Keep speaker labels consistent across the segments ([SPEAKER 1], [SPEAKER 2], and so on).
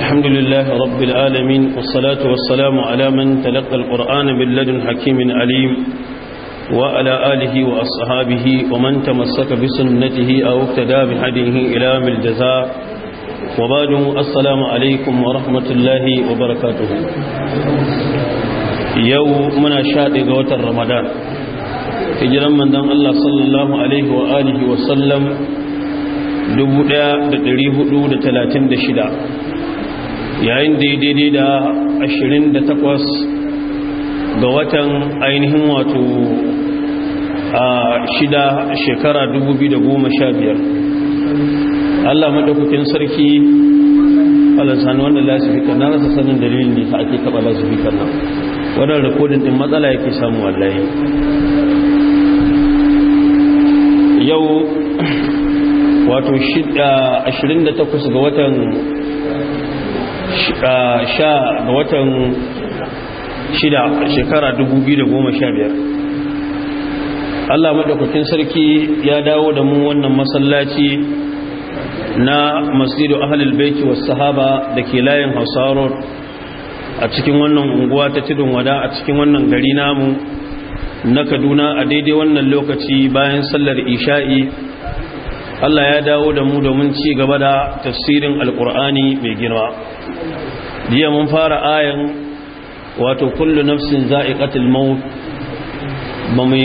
[SPEAKER 1] الحمد لله رب العالمين والصلاة والسلام على من تلقى القرآن باللدن حكيم عليم وعلى آله وأصحابه ومن تمسك بسنته أو اقتدى بهديه إلى من الجزاء وبعد السلام عليكم ورحمة الله وبركاته يوم من شاد قوة رمضان hijiran manzon Allah sallallahu alaihi wa alihi wa sallam 1436 yayin daidai da 28 ga watan ainihin wato a shida shekara 2015 Allah madaukakin sarki alasani wanda lasifika na rasa sanin dalilin ne ta ake taba lasifikan nan wannan rikodin din matsala yake samu wallahi yau wato 28 ga watan Uh, sha ga watan shida shekara 2015 Allah maɗaukacin sarki ya dawo da mu wannan masallaci na masjidu ahlul baiti wasu sahaba da ke layin Hausawa road a cikin wannan unguwa ta tudun wada a cikin wannan gari namu na Kaduna a daidai wannan lokaci bayan sallar isha'i Allah ya dawo da mu domin ci gaba da tafsirin alkur'ani mai girma jiya mun fara ayan wato kullu nafsin za'iqatul maut ba mu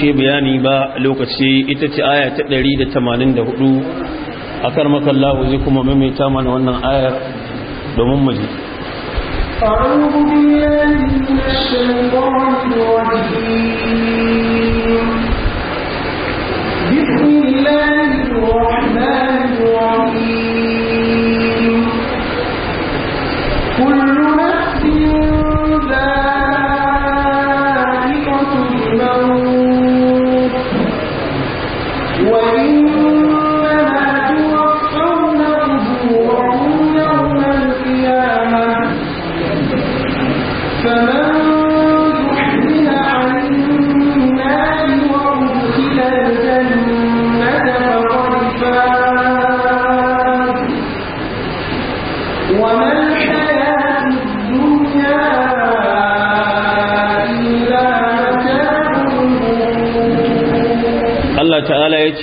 [SPEAKER 1] shi bayani ba lokaci ita ce aya ta 184 akar makallahu zai kuma maimaita mana wannan ayar domin mu ji أعوذ بالله من الشيطان الرجيم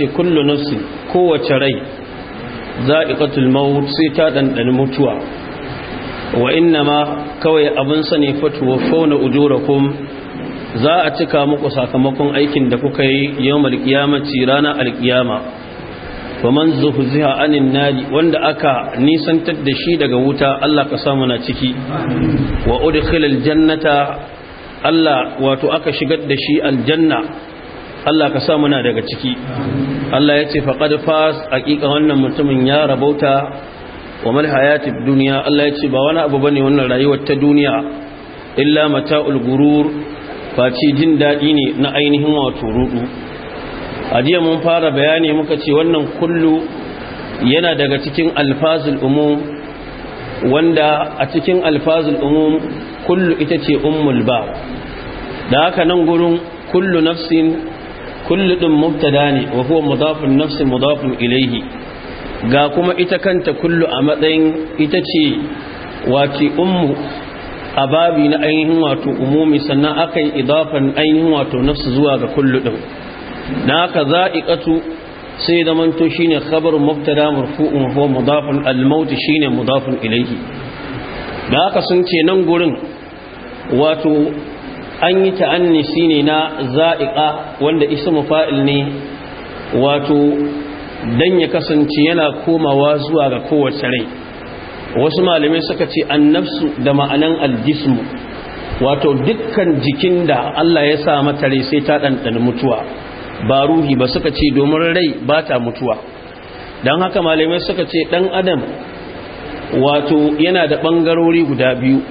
[SPEAKER 1] ce kullu nafsin kowace rai za'iqatul maut sai ta dandana mutuwa wa innama kawai abin sani fatuwa fauna ujurakum za a cika muku sakamakon aikin da kuka yi yawmal qiyamati ranar alqiyama faman zuhziha anin nari wanda aka nisantar da shi daga wuta Allah ka samu na ciki wa udkhilal jannata Allah wato aka shigar da shi aljanna Allah ka sa muna daga ciki Allah ya ce faqad fas haƙiƙa wannan mutumin ya rabauta wa mal hayatid dunya Allah ya ce ba wani abu bane wannan rayuwar ta duniya illa mata'ul gurur face jin daɗi ne na ainihin wato rudu a jiya mun fara bayani muka ce wannan kullu yana daga cikin alfazul umum wanda a cikin alfazul umum kullu ita ce ummul ba da haka nan gurin kullu nafsin kullu din mubtada ne wa huwa mudafun nafsi mudafun ilaihi ga kuma ita kanta kullu a matsayin ita ce wace ummu a babi na ainihin wato umumi sannan aka yi ainihin wato nafsu zuwa ga kullu din na haka za'iqatu sai da manto shine khabar mubtada marfu'un huwa al shine mudafun ilaihi na haka sun ce nan gurin wato an yi ta'annisi ne na za'iƙa wanda ismu fa'il ne wato dan ya kasance yana komawa zuwa ga kowace rai wasu malamai suka ce annafsu da ma'anan aljismu wato dukkan jikin da Allah ya sa mata rai sai ta ɗanɗana mutuwa ba ruhi ba suka ce domin rai ba ta mutuwa don haka malamai suka ce ɗan adam wato yana da ɓangarori guda biyu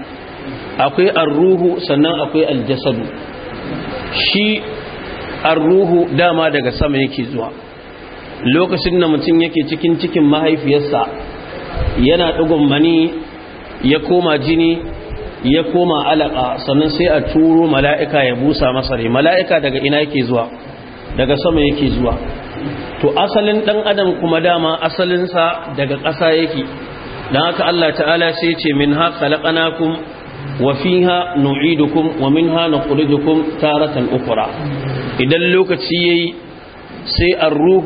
[SPEAKER 1] akwai arruhu sannan akwai aljasadu shi arruhu dama daga sama yake zuwa lokacin da mutum yake cikin cikin mahaifiyarsa yana ɗigon mani ya koma jini ya koma alaƙa sannan sai a turo mala'ika ya busa masa mala'ika daga ina yake zuwa daga sama yake zuwa to asalin ɗan adam kuma dama asalinsa daga ƙasa yake don haka Allah ta'ala sai ce min haƙa laƙanakun وفيها نعيدكم ومنها نخرجكم تارة أخرى إذا لوكتي سي الروح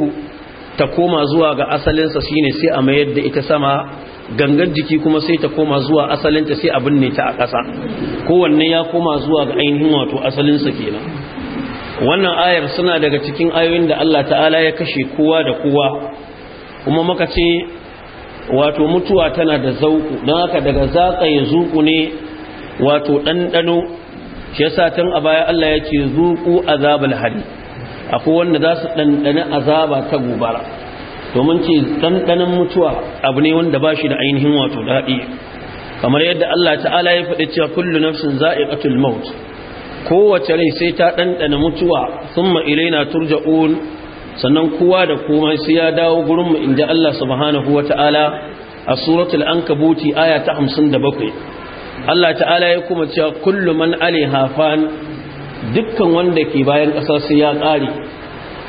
[SPEAKER 1] ta koma zuwa ga asalinsa shine sai a mayar da ita sama gangar jiki kuma sai ta koma zuwa asalinta sai abin ne ta a ƙasa kowanne ya koma zuwa ga ainihin wato asalinsa kenan wannan ayar suna daga cikin ayoyin da Allah ta'ala ya kashe kowa da kowa kuma muka ce wato mutuwa tana da zauku don haka daga zaƙa ya zuku ne wato ɗanɗano shi sa tun a baya Allah ya ce zuku azabal hari akwai wanda za su ɗanɗani azaba ta gobara domin ce ɗanɗanin mutuwa abu ne wanda ba shi da ainihin wato daɗi kamar yadda Allah ta'ala ya faɗi cewa kullu nafsin za'iqatul maut kowace rai sai ta ɗanɗana mutuwa thumma ilaina turja'un sannan kowa da komai sai ya dawo gurin mu inda Allah subhanahu ta'ala a suratul ankabuti aya ta 57 Allah ta'ala ya kuma cewa kullu man alaiha dukkan wanda ke bayan ƙasa sai ya ƙare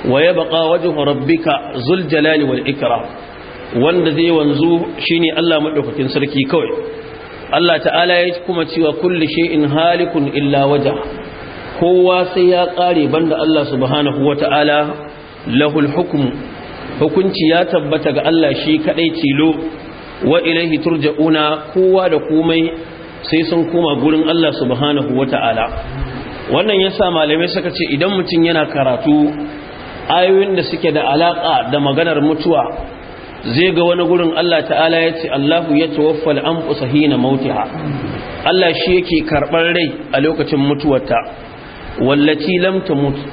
[SPEAKER 1] wa ya baqa wajhu rabbika zul jalali wal ikra wanda zai wanzu shine Allah madaukakin sarki kawai Allah ta'ala ya kuma cewa kullu shay'in halikun illa wajha kowa sai ya ƙare banda Allah subhanahu wata'ala lahul hukm hukunci ya tabbata ga Allah shi kadai tilo wa ilaihi turja'una kowa da komai sai sun koma gurin Allah subhanahu wata'ala wannan yasa malamai suka ce idan mutum yana karatu ayoyin da suke da alaka da maganar mutuwa zai ga wani gurin Allah ta'ala ya ce Allahu ya tawaffa an anfusa hina mautiha Allah shi yake karɓar rai a lokacin mutuwarta wallaci lam mutu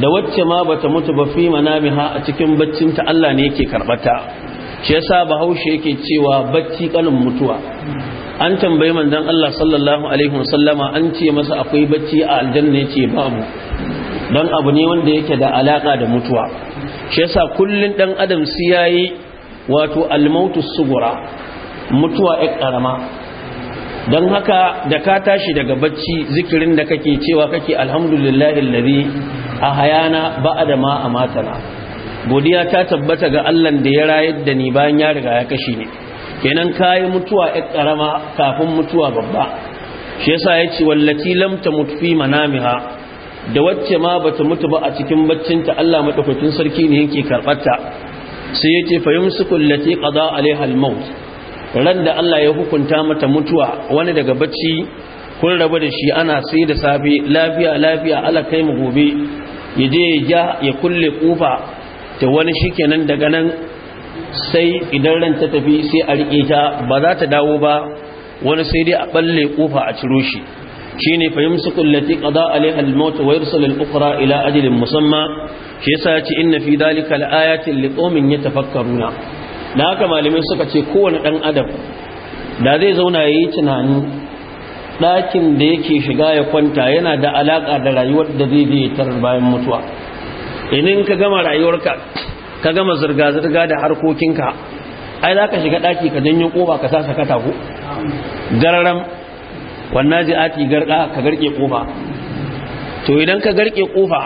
[SPEAKER 1] da wacce ma bata mutu ba fi manamiha a cikin baccinta Allah ne yake karɓata shi yasa bahaushe yake cewa bacci kanin mutuwa an tambayi manzon Allah sallallahu alaihi wasallama an ce masa akwai bacci a aljanna yace babu dan abu ne wanda yake da alaka da mutuwa shi yasa kullun dan adam si yayi wato almautu sugura mutuwa ya karama don haka da ka tashi daga bacci zikirin da kake cewa kake alhamdulillahi alladhi ahayana ba'da ma amatana godiya ta tabbata ga Allah da ya rayar da ni bayan ya riga ya kashe ni kenan kayi mutuwa ƴar ƙarama kafin mutuwa babba shi yasa yace wallati lam mutu fi manamiha da wacce ma bata mutu ba a cikin baccinta Allah madaukakin sarki ne yake karbarta sai ya yace fayumsukul lati qada alaiha almaut ran da Allah ya hukunta mata mutuwa wani daga bacci kun rabu da shi ana sai da safe lafiya lafiya ala kai mu gobe yaje ya ya kulle kufa ta wani shikenan daga nan sai idan ran ta tafi sai a rike ta ba za ta dawo ba wani sai dai a balle kofa a ciro shi shine fahimsu kullati qada alaiha al-maut wa yursal al-ukhra ila ajalin musamma shi yasa yace inna fi dhalika al-ayatin liqaumin yatafakkaruna da haka malamai suka ce kowane dan adam da zai zauna yayi tunani ɗakin da yake shiga ya kwanta yana da alaƙa da rayuwar da zai zai tarar bayan mutuwa idan ka gama rayuwarka ka gama zirga-zirga da harkokinka ai za ka shiga ɗaki ka janyo ƙofa ka sa sakata ko gararam wannan ati, garka ka garke ƙofa to idan ka garke ƙofa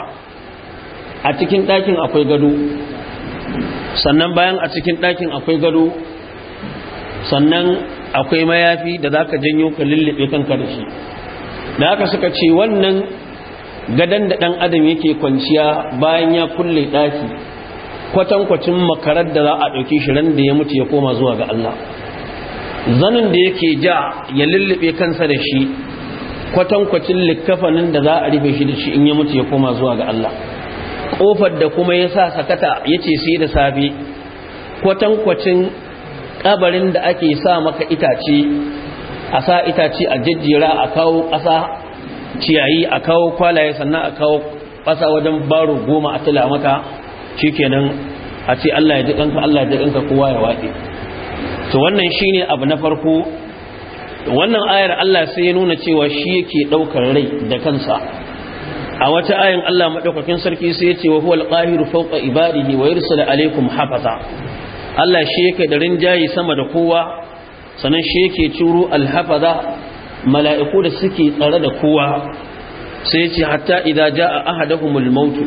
[SPEAKER 1] a cikin ɗakin akwai gado sannan bayan a cikin ɗakin akwai gado sannan akwai mayafi da za ka janyo ka lullube kanka da shi da haka suka ce wannan gadon da ɗan adam yake kwanciya bayan ya kulle ɗaki kwatankwacin makarar da za a ɗauki shi ran da ya mutu ya koma zuwa ga Allah zanin da yake ja ya lullube kansa da shi kwatankwacin likkafanin da za a rufe shi da shi in ya mutu ya koma zuwa ga Allah Kofar da kuma ya sa sakata ya ce sai da safe kwatankwacin kabarin da ake sa maka itace a sa itace a jejjera a kawo ƙasa ciyayi a kawo kwalaye sannan a kawo ƙasa wajen baro goma a tula maka shikenan a ce Allah ya ji Allah ya ji kowa ya wade to wannan ne abu na farko wannan ayar Allah sai ya nuna cewa shi yake ɗaukar rai da kansa a wata ayin Allah maɗaukakin sarki sai ya ce wa huwal qahiru fawqa ibadihi wa yursilu alaykum hafaza Allah shi yake da rinjayi sama da kowa sannan shi yake turo alhafaza mala'iku da suke tsare da kowa sai ce hatta idza jaa ahaduhumul maut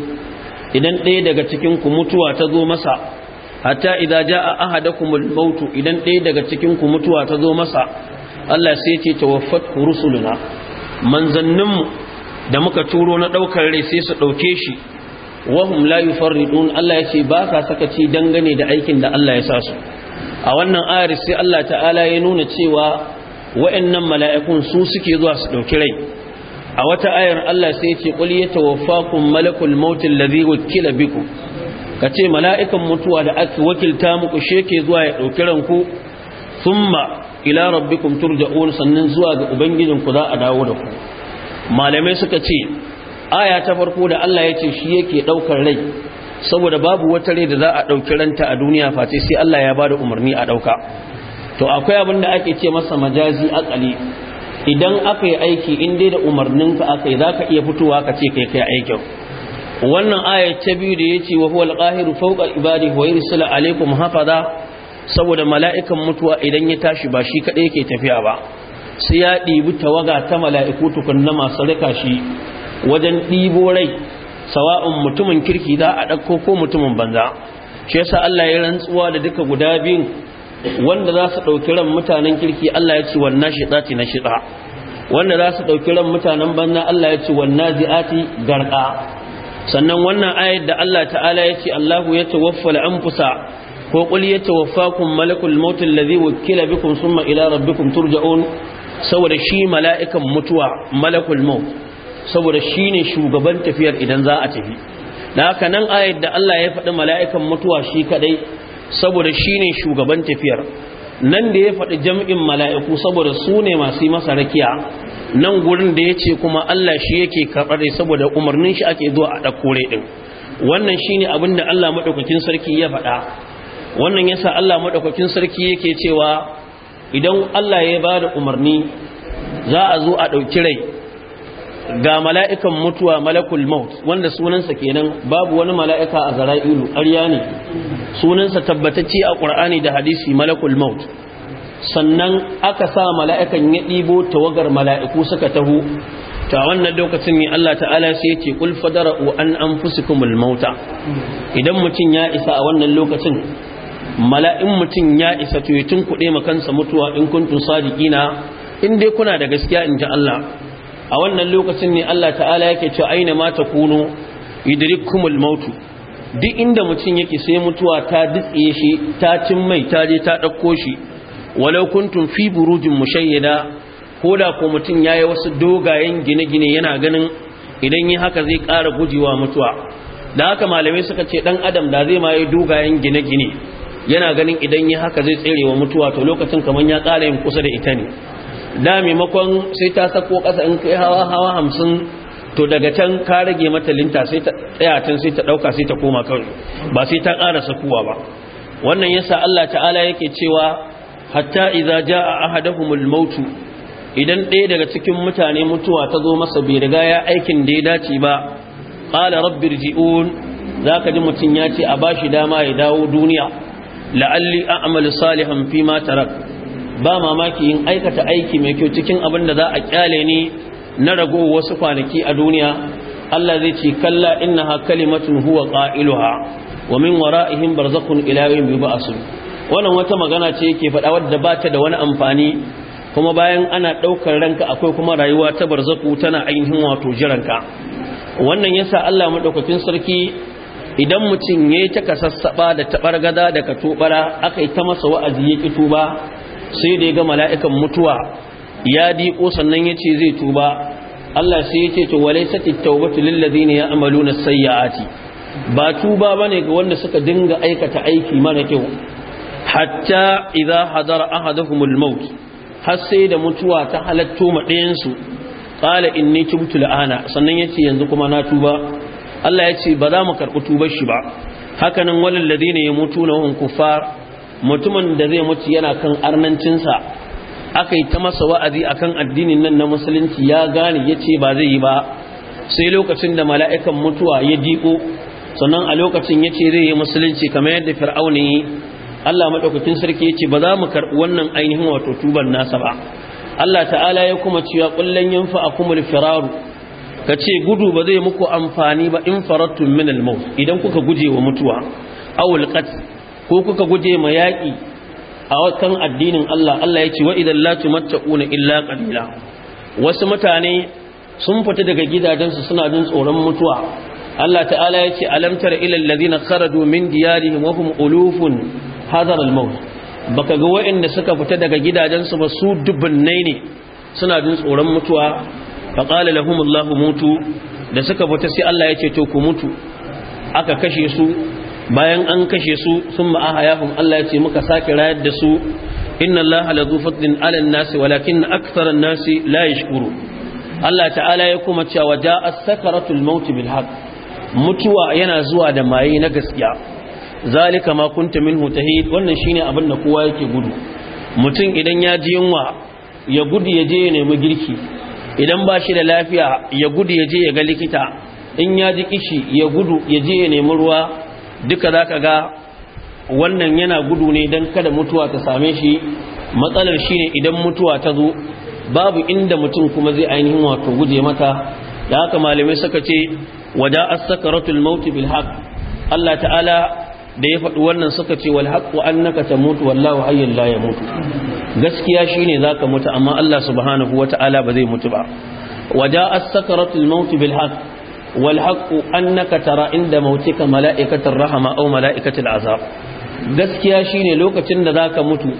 [SPEAKER 1] idan ɗaya daga cikin mutuwa ta zo masa hatta idza jaa ahadakumul mautu idan ɗaya daga cikinku mutuwa ta zo masa Allah sai ce tawaffat rusuluna manzanninmu da muka turo na ɗaukar rai sai su ɗauke shi wahum la yufarridun Allah ya ce ba ka sakaci dangane da aikin da Allah ya sa su a wannan ayar sai Allah ta'ala ya nuna cewa wa'annan mala'ikun su suke zuwa su ɗauki rai a wata ayar Allah sai ya ce qul yatawaffakum malakul maut alladhi wukila Ka kace mala'ikan mutuwa da aka wakilta muku sheke zuwa ya dauki ranku thumma ila da turja'un sannan zuwa ga ku za a dawo da ku malamai suka ce aya ta farko da Allah ya ce shi yake ɗaukar rai saboda babu wata rai da za a dauki ranta a duniya face sai Allah ya bada umarni a ɗauka.' to akwai abin da ake ce masa majazi akali idan aka yi aiki in dai da umarninka aka yi za ka iya fitowa ka ce kai kai aikin wannan aya ta biyu da ya ce wa huwal qahiru fawqa ibadi wa yursilu alaikum hafaza saboda mala'ikan mutuwa idan ya tashi ba shi kadai yake tafiya ba sai ya ɗibi tawaga ta mala'iku tukunna masu rika shi wajen ɗibo rai sawa'un mutumin kirki za a ɗauko ko mutumin banza shi yasa Allah ya rantsuwa da duka guda biyun wanda za su ɗauki ran mutanen kirki Allah ya ce wannan shiɗati na shiɗa wanda za su ɗauki ran mutanen banza Allah ya ce wannan zi'ati garɗa sannan wannan ayar da Allah ta'ala ya ce Allahu ya tawaffa al-anfusa ko qul yatawaffakum malakul maut alladhi wakila bikum thumma ila rabbikum turja'un saboda shi mala'ikan mutuwa malakul maut saboda shine shugaban tafiyar idan za a tafi da haka nan ayar da Allah ya faɗi mala'ikan mutuwa shi kadai saboda shi ne shugaban tafiyar nan da ya faɗi jam'in mala'iku saboda su ne masu masa rakiya nan gurin da ya ce kuma Allah shi yake karɓar saboda umarnin shi ake zuwa a ɗakure ɗin wannan shi ne abin da Allah maɗaukakin sarki ya faɗa wannan ya sa Allah maɗaukakin sarki yake cewa idan Allah ya ba da umarni za a zo a ɗauki rai ga mala'ikan mutuwa malakul maut wanda sunansa kenan babu wani mala'ika a zara'ilu ƙarya ne sunansa tabbatacce a ƙur'ani da hadisi malakul maut sannan aka sa mala'ikan ya ɗibo tawagar mala'iku suka taho ta wannan lokacin ne Allah ta'ala sai yake dara o'an an fusikumul mauta idan mutum ya isa a wannan lokacin mala'in mutum ya isa to ya tunkuɗe ma mutuwa in kuntun sadiƙina in dai kuna da gaskiya in ji Allah a wannan lokacin ne Allah ta'ala yake cewa aina ma ta kuno idrikumul mautu duk inda mutum yake sai mutuwa ta ditse shi ta cin mai ta je ta ɗauko shi walau kuntum fi burujin mushayyada ko da ko mutum yayi wasu dogayen gine-gine yana ganin idan yi haka zai ƙara gujewa mutuwa da haka malamai suka ce dan adam da zai ma yi dogayen gine-gine yana ganin idan yi haka zai tserewa mutuwa to lokacin kamar ya ƙara yin kusa da ita ne da maimakon sai ta sako ƙasa in kai hawa hawa hamsin to daga can ka rage mata linta sai ta tsaya can sai ta ɗauka sai ta koma kawai ba sai ta ƙara sakuwa ba wannan yasa Allah ta'ala yake cewa hatta iza jaa ahaduhumul maut idan ɗaya daga cikin mutane mutuwa ta zo masa bai riga ya aikin da ya dace ba qala rabbirji'un zaka ji mutun ya ce a bashi dama ya dawo duniya la'alli a'malu salihan fi ma tarak ba mamaki in aikata aiki mai kyau cikin abin da za a kyale ni na rago wasu kwanaki a duniya Allah zai ce kalla ha kalimatun huwa qailuha wa min wara'ihim barzakhun ila yawm yub'asun wannan wata magana ce yake faɗa wadda ba ta da wani amfani kuma bayan ana ɗaukar ranka akwai kuma rayuwa ta barzaku tana ainihin wato jiranka wannan yasa Allah madaukakin sarki idan mutum yayi ta kasassaba da tabargada da aka akai ta masa wa'azi yake tuba sai da ya ga mala'ikan mutuwa ya diko sannan ya ce zai tuba Allah sai ya ce to walaysati tawbatu lil na sayya ati ba tuba bane ga wanda suka dinga aikata aiki mara kyau hatta an hadara kuma maut har sai da mutuwa ta halatto maɗayensu ƙala in ne ki mutu la'ana sannan ce yanzu kuma na tuba Allah ya ce ba za mu karɓi tubar shi ba hakanan ya mutu na hum kuffar mutumin da zai mutu yana kan arnancinsa aka yi ta masa wa'azi akan addinin nan na musulunci ya gane ya ce ba zai yi ba sai lokacin da mala'ikan mutuwa ya diko sannan a lokacin ya ce zai yi musulunci kamar yadda fir'auni Allah maɗaukakin sarki ya ce ba za mu karɓi wannan ainihin wato tuban nasa ba Allah ta'ala ya kuma cewa kullun yanfa akumul firaru ce gudu ba zai muku amfani ba in faratun min al idan kuka guje wa mutuwa awul qatl ko kuka guje ma yaƙi a wakan addinin Allah Allah ya ce wa idan la illa qalila wasu mutane sun fita daga gidajensu suna jin tsoron mutuwa Allah ta'ala ya ce alam tara ila allazina kharaju min diyari mafi hum ulufun hadar baka ga waɗanda suka fita daga gidajensu ba su dubunnai ne suna jin tsoron mutuwa faqala lahum Allah mutu da suka fita sai Allah ya ce to ku mutu aka kashe su bayan an kashe su sun ma'ahayahum Allah ya ce muka sake rayar da su inna Allah la zu fadlin ala nasi walakin aktharan nasi la yashkuru Allah ta'ala ya kuma cewa ja'a sakaratul maut bil haqq mutuwa yana zuwa da maye na gaskiya zalika ma kunta minhu tahid wannan shine abin da kowa yake gudu mutum idan ya ji yunwa ya gudu ya je ya nemi girki idan ba shi da lafiya ya gudu ya je ya ga likita in ya ji kishi ya gudu ya je ya nemi ruwa duka za ka ga wannan yana gudu ne don kada mutuwa ta same shi matsalar shi ne idan mutuwa ta zo babu inda mutum kuma zai ainihin wato guje mata da haka malamai suka ce wada as ratul maut bil haq. Allah ta'ala da ya faɗi wannan suka ce wal haqqu annaka tamutu wallahu hayyul la yamut gaskiya shine zaka mutu amma Allah subhanahu ta'ala ba zai mutu ba wada as-sakaratul mauti bil haq. wal haqqu annaka tara inda mautika mala'ikatar rahama aw mala'ikatul azab gaskiya shine lokacin da zaka mutu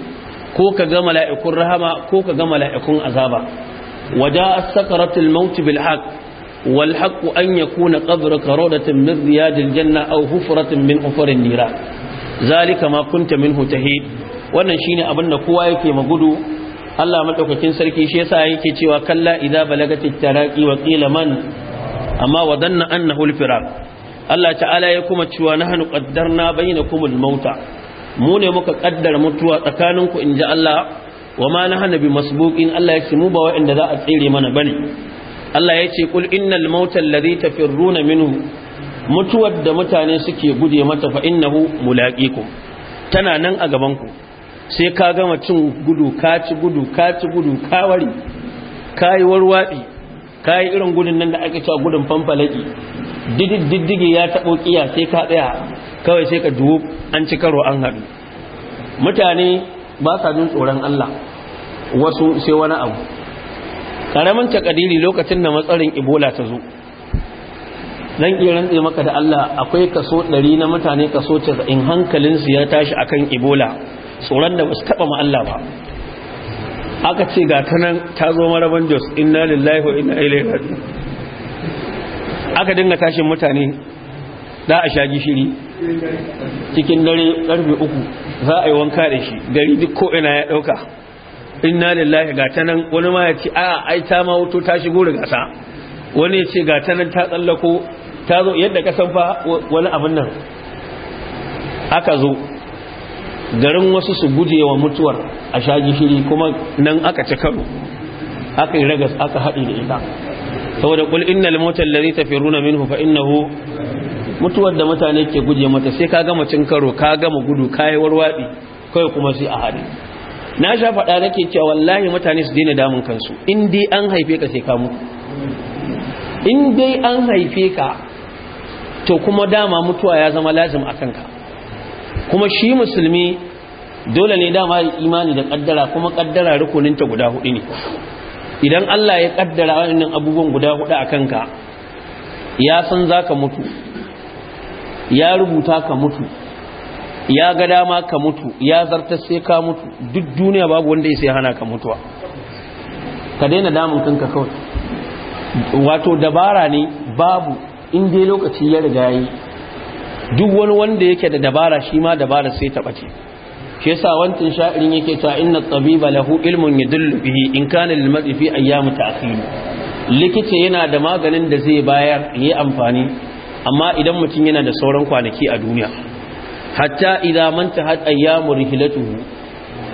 [SPEAKER 1] ko ka ga mala'ikun rahama ko ka ga mala'ikun azaba waja as-sakaratul maut bil haqq wal haqq an yakuna qabruka rawdatan min riyadil janna aw hufratan min hufarin nira zalika ma kunta minhu tahid wannan shine abin da kowa yake magudu Allah madaukakin sarki shi yasa yake cewa kalla idza balagatit taraqi wa qila man amma wadannan danna annahu firaq Allah ta'ala ya kuma cewa nahnu qaddarna bainakum al-mauta mu ne muka kaddara mutuwa tsakaninku inji Allah wa ma nahnu bi masbuqin Allah ya ce mu ba wa'anda za a tsire mana bane Allah ya ce kul innal mauta alladhi tafirruna minhu mutuwar da mutane suke gude mata fa innahu mulaqikum tana nan a gaban ku sai ka gama cin gudu ka ci gudu ka ci gudu ka wari ka yi kayi irin gudun nan da ake cewa gudun fanfalaki diddige ya taɓo kiya sai ka tsaya kawai sai ka duwo an ci karo an haɗu mutane ba sa jin tsoron Allah wasu sai wani abu karamin takadiri lokacin da matsarin Ebola ta zo dan kiran tsaye maka da Allah akwai kaso 100 na mutane kaso 90 hankalinsu ya tashi akan Ebola tsoron da ba su taba mu Allah ba aka ce ga ta nan ta zo maraban jos inna lillahi wa inna ilaihi raji'un aka dinga tashin mutane da a sha gishiri cikin dare karfe uku za a yi wanka da shi gari duk ko ina ya dauka inna lillahi ga ta nan wani ma ya ce a ai ta ma wuto ta shigo da gasa wani ya ce ga ta nan ta tsallako ta zo yadda kasan fa wani abin nan aka zo garin wasu su guje wa mutuwar a sha shiri kuma nan aka ci karo aka yi ragas aka haɗi da ita saboda kul inna motar lari tafiruna minhu fa hu mutuwar da mutane ke guje mata sai ka gama cin karo ka gama gudu ka yi warwaɗi kawai kuma sai a haɗi na sha faɗa nake cewa wallahi mutane su daina damun kansu in dai an haife ka sai ka mutu in dai an haife ka to kuma dama mutuwa ya zama lazim a kanka kuma shi musulmi dole ne dama imani da kaddara kuma kaddara rukuninta guda hudu ne idan Allah ya kaddara wannan abubuwan guda hudu a kanka ya san za ka mutu ya rubuta ka mutu ya ga dama ka mutu ya zarta sai ka mutu duk duniya babu wanda ya sai hana ka mutuwa ka daina damun kanka kawai wato dabara ne babu in dai lokaci ya riga yi duk wani wanda yake da dabara shi ma dabara sai ta bace shi yasa wantin sha'irin yake cewa inna tabiba lahu ilmun yadullu bihi in kana lil mar'i fi ayyami ta'khir likita yana da maganin da zai bayar yi amfani amma idan mutum yana da sauran kwanaki a duniya hatta idan manta had ayyamu rihlatuhu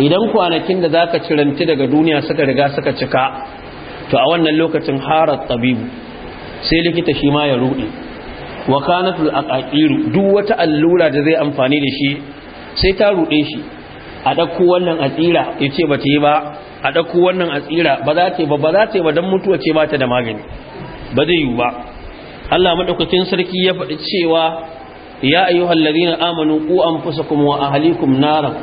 [SPEAKER 1] idan kwanakin da zaka ciranti daga duniya suka riga suka cika to a wannan lokacin harar tabibu sai likita shi ma ya rudi wa kanatul aqaqiru duk wata allura da zai amfani da shi sai ta rude shi a dauko wannan atsira yace ba ta yi ba a dauko wannan atsira ba za ta ba ba za ta ba dan mutuwa ce ba ta da magani ba zai yi ba Allah madaukakin sarki ya faɗi cewa ya ayyuhal ladina amanu qu anfusakum wa ahlikum naran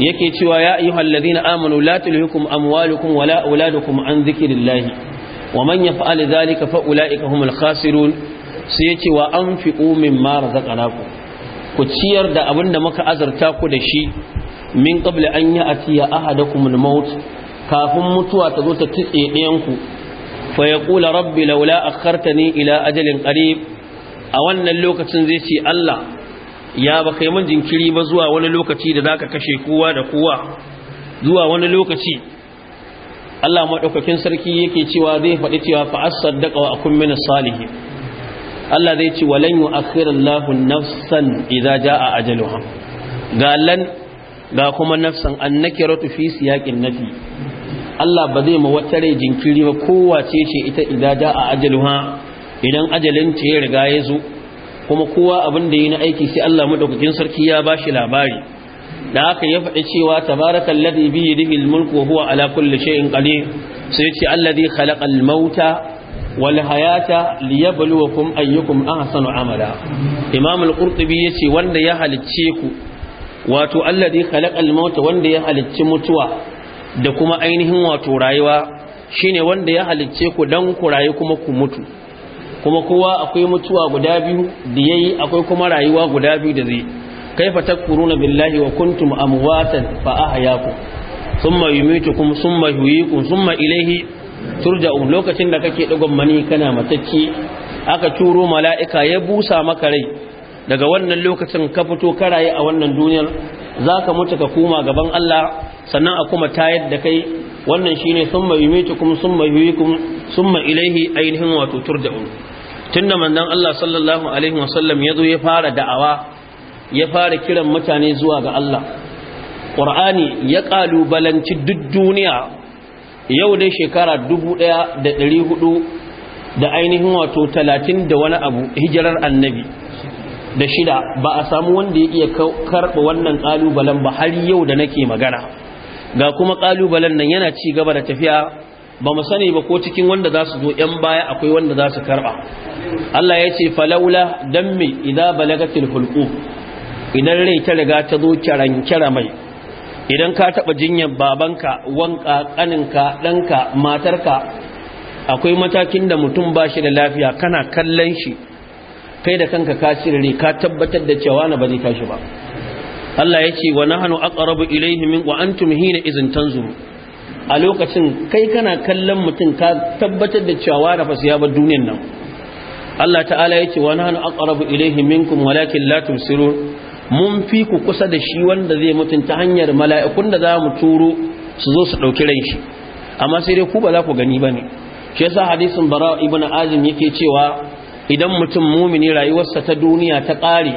[SPEAKER 1] yake cewa ya ayyuhal ladina amanu la tulhikum amwalukum wala auladukum an dhikrillah wa man yaf'al dhalika fa ulaika humul khasirun sai ya ce wa an fi ƙomin mara zaƙana ku ku ciyar da abin da muka azarta ku da shi min ƙabli an yi a tiya ahada kumul maut kafin mutuwa ta zo ta titse ɗayanku fa ya ƙula rabbi laula a ni ila ajalin ƙarib a wannan lokacin zai ce allah ya ba kai min jinkiri ba zuwa wani lokaci da za ka kashe kowa da kowa zuwa wani lokaci Allah maɗaukakin sarki yake cewa zai faɗi cewa fa'asar daƙawa a kummin salihi Allah zai ce walan yu'akhirullahu nafsan idza a ajaluha ga lan ga kuma nafsan annakiratu fi siyaqin nafi Allah ba zai ma wata jinkiri ba kowace ce ita idza a ajaluha idan ajalin ce ya riga ya zo kuma kowa abin da yi na aiki sai Allah madaukakin sarki ya ba shi labari da haka ya faɗi cewa tabarakal ladhi bi yadihi al-mulku wa huwa ala kulli shay'in qadir sai ya ce Allah zai al-mauta walhayata hayata liyabluwakum ayyukum ahsanu amala imam al-qurtubi yace wanda ya halicce ku wato alladhi khalaqal mauta wanda ya halicci mutuwa da kuma ainihin wato rayuwa shine wanda ya halicce ku dan ku rayu kuma ku mutu kuma kowa akwai mutuwa guda biyu da yayi akwai kuma rayuwa guda biyu da zai kaifa takfuruna billahi wa kuntum amwatan fa ahyaakum thumma yumitukum thumma yuhyikum thumma ilayhi turja'un lokacin da kake dagon mani kana matacce aka turo mala'ika ya busa maka rai daga wannan lokacin ka fito karaye a wannan duniyar zaka mutu ka koma gaban Allah sannan a kuma tayar da kai wannan shine summa yumitukum summa yuhyikum summa ilaihi ainihin wato turja'un tunda manzon Allah sallallahu alaihi wasallam yazo ya fara da'awa ya fara kiran mutane zuwa ga Allah Qur'ani ya kalubalanci duk duniya yau dai shekara dubu ɗaya da ɗari hudu da ainihin wato talatin da wani abu hijirar annabi da shida ba a samu wanda ya iya karɓa wannan ƙalubalen ba har yau da nake magana ga kuma ƙalubalen nan yana ci gaba da tafiya ba mu sani ba ko cikin wanda za su zo ‘yan baya akwai wanda za su karɓa Allah ya ce falaula dan me idan balagatul hulqu idan rai ta riga ta zo kiran kira mai idan ka taɓa jinyar babanka wanka ƙaninka ɗanka matarka akwai matakin da mutum ba shi da lafiya kana kallon shi kai da kanka ka sirri ka tabbatar da cewa na ba zai tashi ba Allah ya ce wa nahnu aqrabu ilayhi min wa antum hina izin tanzuru a lokacin kai kana kallon mutum ka tabbatar da cewa na fasiya ba duniyar nan Allah ta'ala ya ce wa nahnu aqrabu ilayhi minkum walakin la tusirun mun fi ku kusa da shi wanda zai mutunta hanyar mala'ikun da za mu turo su zo su ɗauki rai shi amma sai dai ku ba za ku gani ba ne shi yasa hadisin bara ibn azim yake cewa idan mutum mumini rayuwarsa ta duniya ta ƙare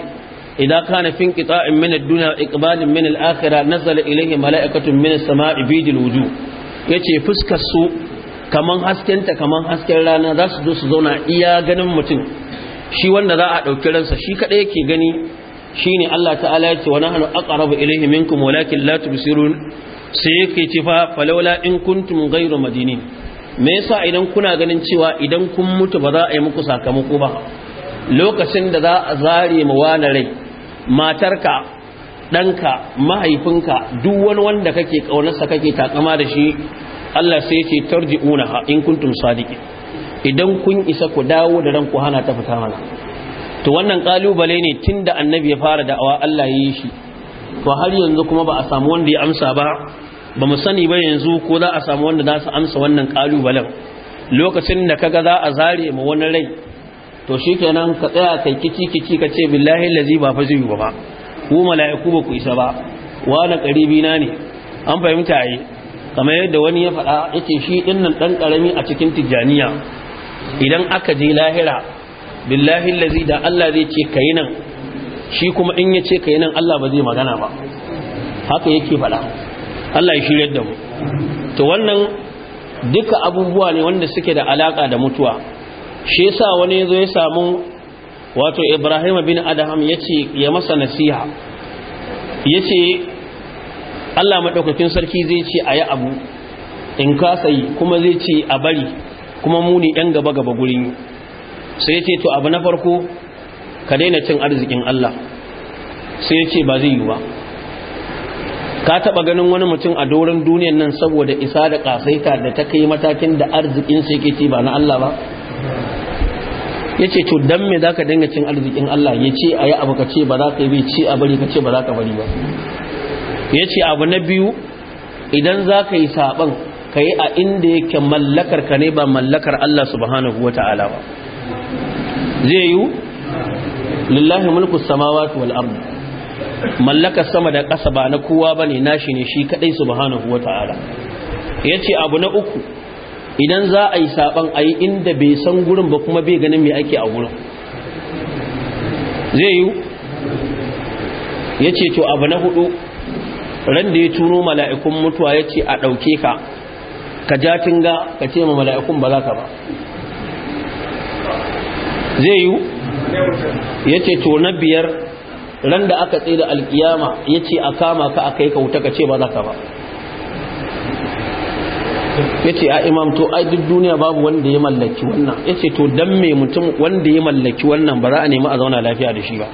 [SPEAKER 1] idan kana fin qita'in min ad-dunya iqbalin min al-akhirah nazala ilayhi mala'ikatun min as-sama'i bi yace fuskar su kaman haskenta kaman hasken rana za su zo su zauna iya ganin mutum shi wanda za a ɗauki ransa shi kaɗai yake gani Shi ne Allah ta'ala ya ce wa nahnu aqrabu ilayhi minkum walakin la tubsirun sai yake ce fa falawla in kuntum ghayru madinin me yasa idan kuna ganin cewa idan kun mutu ba za a yi muku sakamako ba lokacin da za a zare mu wani rai matarka ɗanka mahaifinka duk wani wanda kake ƙaunarsa kake takama da shi Allah sai ce tarji'una in kuntum sadiqin idan kun isa ku dawo da ranku hana ta fita mana to wannan kalubale ne da annabi ya fara da'awa Allah ya yi shi to har yanzu kuma ba a samu wanda ya amsa ba ba mu sani ba yanzu ko za a samu wanda za su amsa wannan kalubalen lokacin da kaga za a zare mu wani rai to shikenan ka tsaya kai kici kici ka ce billahi lazi ba fa zai ba ku mala'iku ba ku isa ba wani karibi na ne an fahimta yi kamar yadda wani ya faɗa yake shi dinnan dan karami a cikin tijjaniya idan aka je lahira billahi allazi da Allah zai ce kai nan shi kuma in ya ce kai nan Allah ba zai magana ba haka yake faɗa Allah ya shiryar da mu to wannan duka abubuwa ne wanda suke da alaka da mutuwa shi yasa wani yazo ya samu wato Ibrahim bin Adham yace ya masa nasiha yace Allah madaukakin sarki zai ce ayi abu in ka sai kuma zai ce a bari kuma mu ne yan gaba gaba gurin sai ce to abu na farko ka daina cin arzikin Allah sai ya ce ba zai yi ba ka taɓa ganin wani mutum a doron duniyan nan saboda isa da kasaita da ta kai matakin da arzikin sai ke ce ba na Allah ba ya ce to dan me za ka dinga cin arzikin Allah ya ce a yi abu ka ce ba za ka yi ce a bari ka ce ba za ka bari ba ya ce abu na biyu idan za ka yi saɓan ka yi a inda yake mallakar ka ne ba mallakar Allah subhanahu wa ta'ala ba zai yi lillahi mulku samawati wal ardi mallaka sama da kasa ba na kowa bane nashi ne shi kadai subhanahu wata'ala yace abu na uku idan za a yi saban a inda bai san gurin ba kuma bai ganin me ake a gurin zai yi ya to abu na hudu ran da ya turo mala'ikun mutuwa yace a ɗauke ka ka ja ga ka ce ma mala'ikun ba za ka ba zai yi ya ce to na biyar ran da aka tsaye da alkiyama ya ce a kama ka a kai ka wuta ka ce ba za ka ba ya ce a imam to ai duk duniya babu wanda ya mallaki wannan ya ce to don mai mutum wanda ya mallaki wannan ba za a nemi a zauna lafiya da shi ba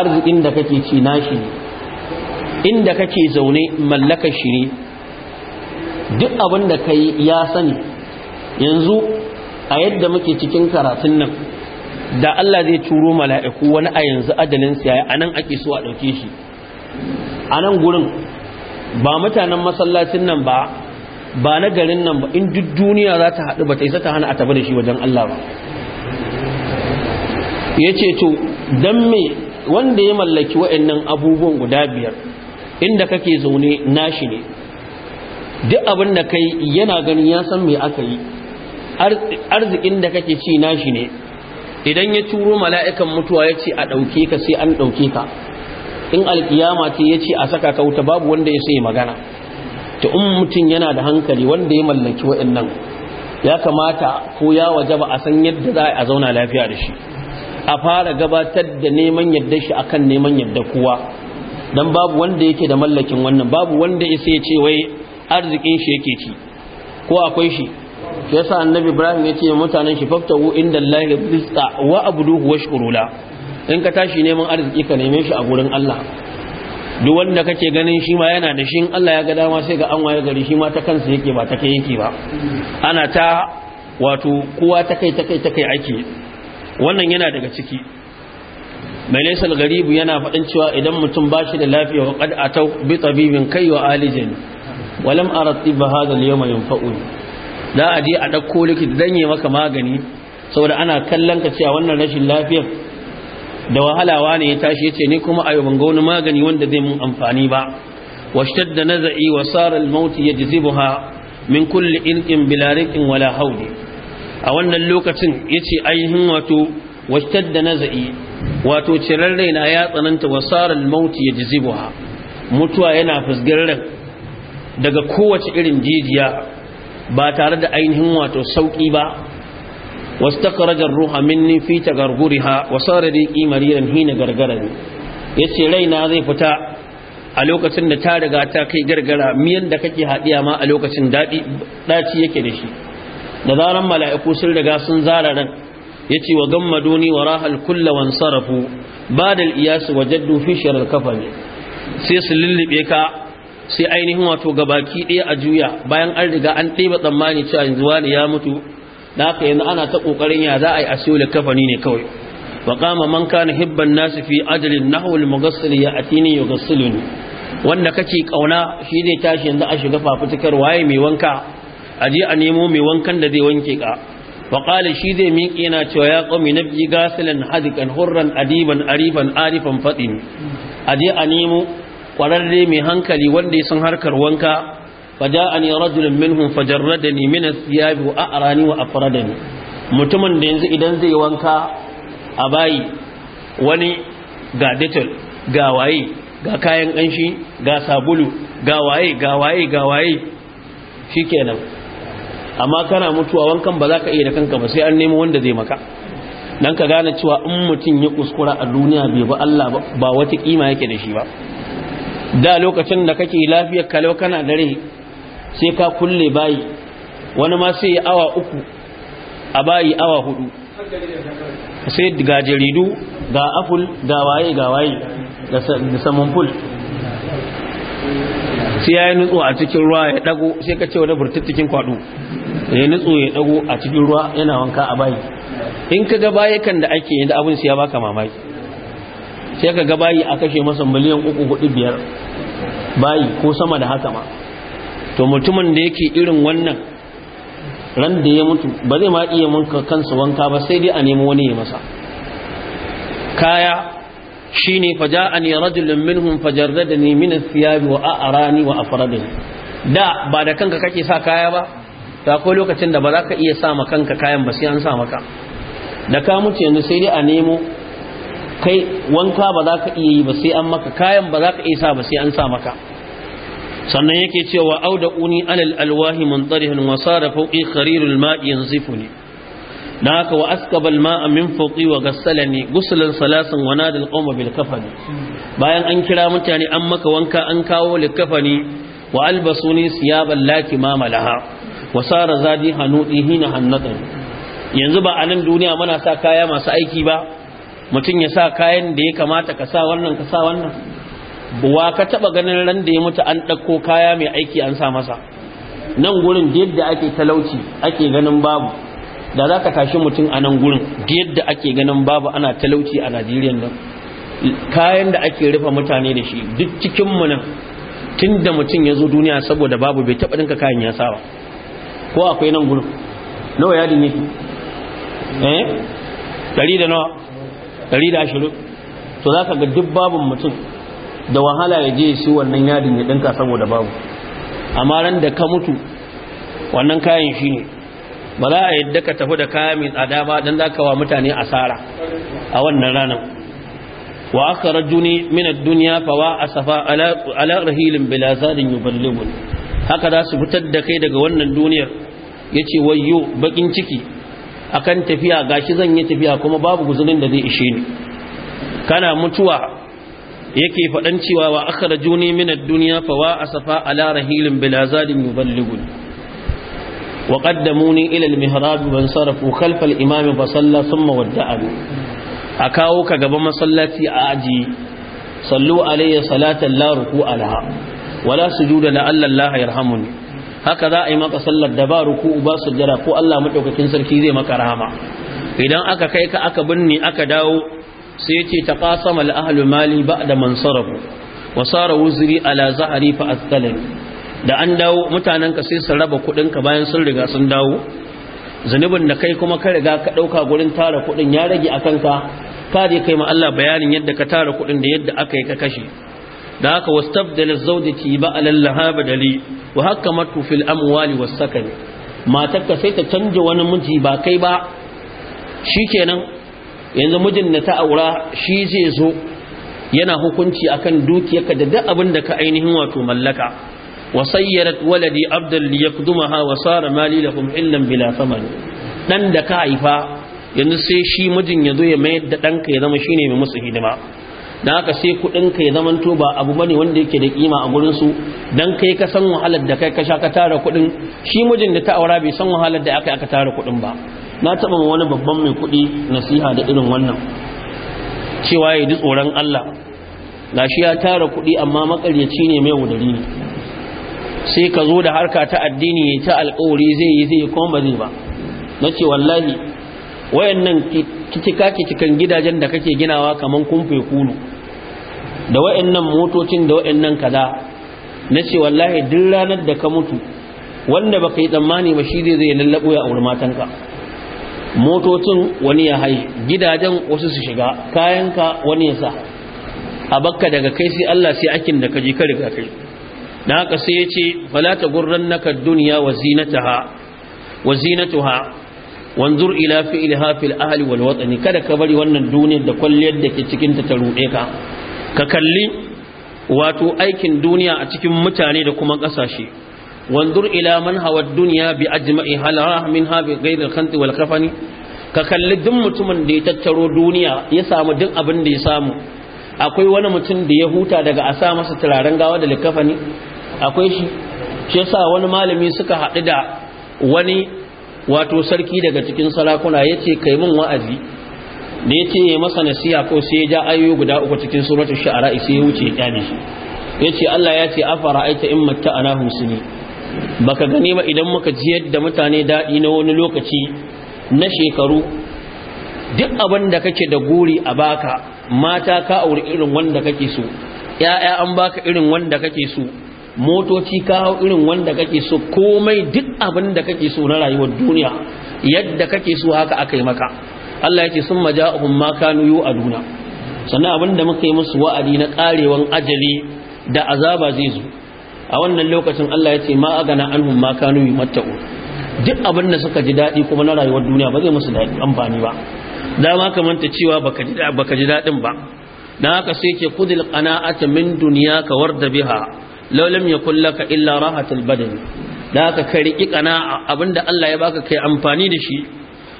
[SPEAKER 1] arzikin da kake ci nashi inda kake zaune mallakar shi ne duk abin da ka yi ya sani yanzu a yadda muke cikin karatun nan da Allah zai turo mala'iku wani a yanzu ajalin sa a nan ake so a ɗauke shi a nan gurin ba mutanen masallacin nan ba ba na garin nan ba in duk duniya za ta haɗu ba ta isa ta hana a tabi da shi wajen Allah ba ya ce to don me wanda ya mallaki wa'annan abubuwan guda biyar inda kake zaune nashi ne duk abin da kai yana ganin ya san me aka yi arzikin da kake ci nashi ne idan ya turo mala'ikan mutuwa ya ce a ɗauke ka sai an ɗauke ka in alƙiyama ce ya ce a saka ka wuta babu wanda ya sai magana ta in mutum yana da hankali wanda ya mallaki waɗannan ya kamata ko ya waje ba a san yadda za a zauna lafiya da shi a fara gabatar da neman yadda shi akan neman yadda kowa dan babu wanda yake da mallakin wannan babu wanda ya sai ce wai arzikin shi yake ci ko akwai shi shi yasa annabi ibrahim ya ce mutanen shi faftahu inda allahi rizqa wa abduhu washkuru in ka tashi neman arziki ka neme shi a gurin allah duk wanda kake ganin shi ma yana da shi allah ya ga dama sai ga an waye gari shi ma ta kansa yake ba ta kai yake ba ana ta wato kowa ta kai ta kai ta kai ake wannan yana daga ciki mai laisal garibu yana faɗin cewa idan mutum ba shi da lafiya wa a atau bi tabibin kai wa alijin walam arati hadha al-yawma za a je a ɗauko likita dan yi maka magani saboda ana kallon ka cewa wannan rashin lafiyar da wahalawa ne ya tashi ya ce ni kuma a ban ga wani magani wanda zai mun amfani ba washtadda naza'i wa mauti ya maut yajzibuha min kulli ilqin bilarikin wala ne. a wannan lokacin ya yace ainihin wato na naza'i wato ciran raina ya tsananta wa mauti ya jizibu ha. mutuwa yana fusgar daga kowace irin jijiya ba tare da ainihin wato sauki ba واستخرج الروح مني wasu تغرغرها وصار hina gargara ne. Ya yace raina zai fita a lokacin da ta riga ta kai gargara miyan da kake haɗiya ma a lokacin daɗi ɗaci yake da shi da zaran mala'iku sun riga sun zara ran yace wa gammaduni wa rahal kulla wan sarafu badal iyasu wa jaddu fi kafa kafani sai su lullube ka sai ainihin wato gabaki ɗaya a juya bayan an riga an ɗaya tsammani cewa yanzu wani ya mutu da haka yanzu ana ta ƙoƙarin ya za a yi a siyo kafani ne kawai wa kama man kana hibban nasu fi ajalin nahwul mugassil ya atini yugassiluni wanda kake kauna shi zai tashi yanzu a shiga fafutukar waye mai wanka a je a nemo mai wankan da zai wanke ka wa qala shi zai miƙe yana cewa ya qawmi nabji gasilan hadikan hurran adiban arifan arifan fadin. a je a nemo Kwararre mai hankali wanda ya san harkar wanka faja'ani rajulun minhum fajarradani min athiyabi wa a'rani wa afradani mutumin da yanzu idan zai wanka a bayi wani ga dettol ga waye ga kayan ƙanshi, ga sabulu ga waye ga waye ga waye shi kenan, amma kana mutuwa wankan ba za ka iya da kanka ba sai an nemo wanda zai maka dan ka gane cewa in mutum ya kuskura a duniya bai ba Allah ba wata kima yake da shi ba da lokacin da kake lafiyar kalau kana dare sai ka kulle bayi wani ma sai ya awa uku a bayi awa hudu sai ga jaridu ga aful ga waye ga waye da saman ful sai ya yi nutsu a cikin ruwa ya dago sai ka ce wani burtattakin kwado ya yi nutsu ya dago a cikin ruwa yana wanka a bayi in ka ga bayakan da ake yin da abin siya baka mamaki sai ka ga bayi a kashe masa miliyan uku hudu biyar bayi ko sama da haka ma to mutumin da yake irin wannan ran da ya mutu ba zai ma iya manka kansa wanka ba sai dai a nemi wani ya masa kaya shine faja'ani rajulun minhum fajarradani min ath-thiyab wa a'rani wa afradani da ba da kanka kake sa kaya ba ta ko lokacin da ba za ka iya sa ma kanka kayan ba sai an sa maka da ka mutu yanzu sai dai a nemo kai wanka ba za ka iya yi ba sai an maka kayan ba za ka iya sa ba sai an sa maka sannan yake cewa au da uni alal alwahi muntarihan wa sara fawqi kharirul ma'i yanzifuni dan haka wa askaba alma'a min fawqi wa ghassalani gusulan salasan wa nadal qawma bil kafani bayan an kira mutane an maka wanka an kawo likafani wa albasuni siyaban laki ma malaha wa sara zadi hanudi hina hannatan yanzu ba a nan duniya muna sa kaya masu aiki ba mutum ya sa kayan da ya kamata ka sa wannan ka sa wannan buwa ka taba ganin ran da ya mutu an ɗauko kaya mai aiki an sa masa nan gurin da yadda ake talauci ake ganin babu da za ka tashi mutum a nan gurin da yadda ake ganin babu ana talauci a najeriya nan kayan da ake rufe mutane da shi duk cikin mu nan tun da mutum ya zo duniya saboda babu bai taɓa dinka kayan ya sawa? ko akwai nan gurin nawa yadin yake eh dari da nawa 120 to za ka ga duk babin mutum da wahala ya je su wannan yadin ya ɗinka saboda babu amma ran da ka mutu wannan kayan shi ne ba za a yadda ka tafi da kayan mai tsada ba don za ka wa mutane asara a wannan ranar wa aka rajuni minar duniya fawa a safa ala da yi yubalibun haka za su fitar da kai daga wannan duniyar ya ce wayo bakin ciki akan tafiya gashi zan yi tafiya kuma babu guzurin da zai ishe ni kana mutuwa yake faɗan cewa wa akhrajuni min ad-dunya fa wa asafa ala rahilin bila zadin yuballighun wa qaddamuni ila al-mihrab wa sarafu khalfa al-imam fa salla thumma wadda'ani a kawo ka gaba masallaci a aji sallu alayya salatan la ruku'a laha wala sujuda la Allah yarhamuni haka za a yi maka sallar da ba uba ba sujjada ko Allah madaukakin sarki zai maka rahama idan aka kai ka aka binne aka dawo sai yace taqasama al ahlu mali ba'da man sarafu wa sara wuzri ala zahri fa asqalin da an dawo mutanen ka sai su raba kudin ka bayan sun riga sun dawo zanubin da kai kuma ka riga ka dauka gurin tara kudin ya rage akan ka ka je kai ma Allah bayanin yadda ka tara kudin da yadda aka yi ka kashe da haka wastabdala zawjati ba alallaha badali wa hakamatu fil amwali was sakani matarka sai ta canja wani miji ba kai ba shikenan yanzu mijin da ta aura shi zai zo yana hukunci akan dukiyarka da duk abin da ka ainihin wato mallaka wasayyarat waladi abdan liyakdumaha wa sara mali lakum bila thaman dan da ka haifa yanzu sai shi mijin ya zo ya mayar da danka ya zama shine mai musu hidima Na haka sai kudin ka ya zamanto ba abu bane wanda yake da kima a gurin su dan kai ka san wahalar da kai ka sha ka tara kudin shi mijin da ta aura bai san wahalar da aka aka tara kudin ba na taba wani babban mai kudi nasiha da irin wannan cewa ya ji tsoron Allah shi ya tara kudi amma makaryaci ne mai wudari ne sai ka zo da harka ta addini ya ta alƙawari zai yi zai kuma ba zai ba na wallahi wayannan kitika kikan gidajen da kake ginawa kaman kumfe kulu da wa'annan motocin da wa'annan kaza na ce wallahi duk ranar da ka mutu wanda baka yi tsammani ba shi zai lallabo ya auri matanka motocin wani ya hai gidajen wasu su shiga kayanka wani ya sa a bakka daga kai sai Allah sai akin da kaji ka riga kai Da haka sai yace fala tagurrannaka dunya wa zinataha wa zinatuha wanzur ila fi'liha fil ahli wal watani kada ka bari wannan duniyar da kwalliyar da ke cikin ta ta rude ka ka kalli wato aikin duniya a cikin mutane da kuma kasashe wanzur ila man hawa dunya bi ajma'i hal rah minha bi ghayr al wal kafani ka kalli duk mutumin da ya tattaro duniya ya samu duk abin da ya samu akwai wani mutum da ya huta daga a sa masa turaren gawa da likafani akwai shi shi yasa wani malami suka haɗu da wani wato sarki daga cikin sarakuna ya ce kai min wa'azi da ya ce ya masa nasiya ko sai ya ja ayoyi guda uku cikin suratul sha'ara sai ya wuce ya kyale shi ya ce Allah ya ce afara aita in matta ana husini baka gani ba idan muka ji yadda mutane daɗi na wani lokaci na shekaru duk abin da kake da guri a baka mata ka auri irin wanda kake so ya'ya an baka irin wanda kake so motoci kawo irin wanda kake so komai duk abin da kake so na rayuwar duniya yadda kake so haka aka yi maka Allah ya ce sun maja abun ma kanu yu aduna sannan abin da muka yi musu wa'adi na karewan ajali da azaba zai zo a wannan lokacin Allah ya ce ma agana anhum ma kanu yumatta'u duk abin da suka ji daɗi kuma na rayuwar duniya ba zai musu daɗi amfani ba dama kamanta cewa baka ji baka ji daɗin ba dan haka sai ke kudil qana'ata min dunyaka warda biha law ya kulla ka illa rahatul badin, da aka kai riki kana abinda Allah ya baka kai amfani da shi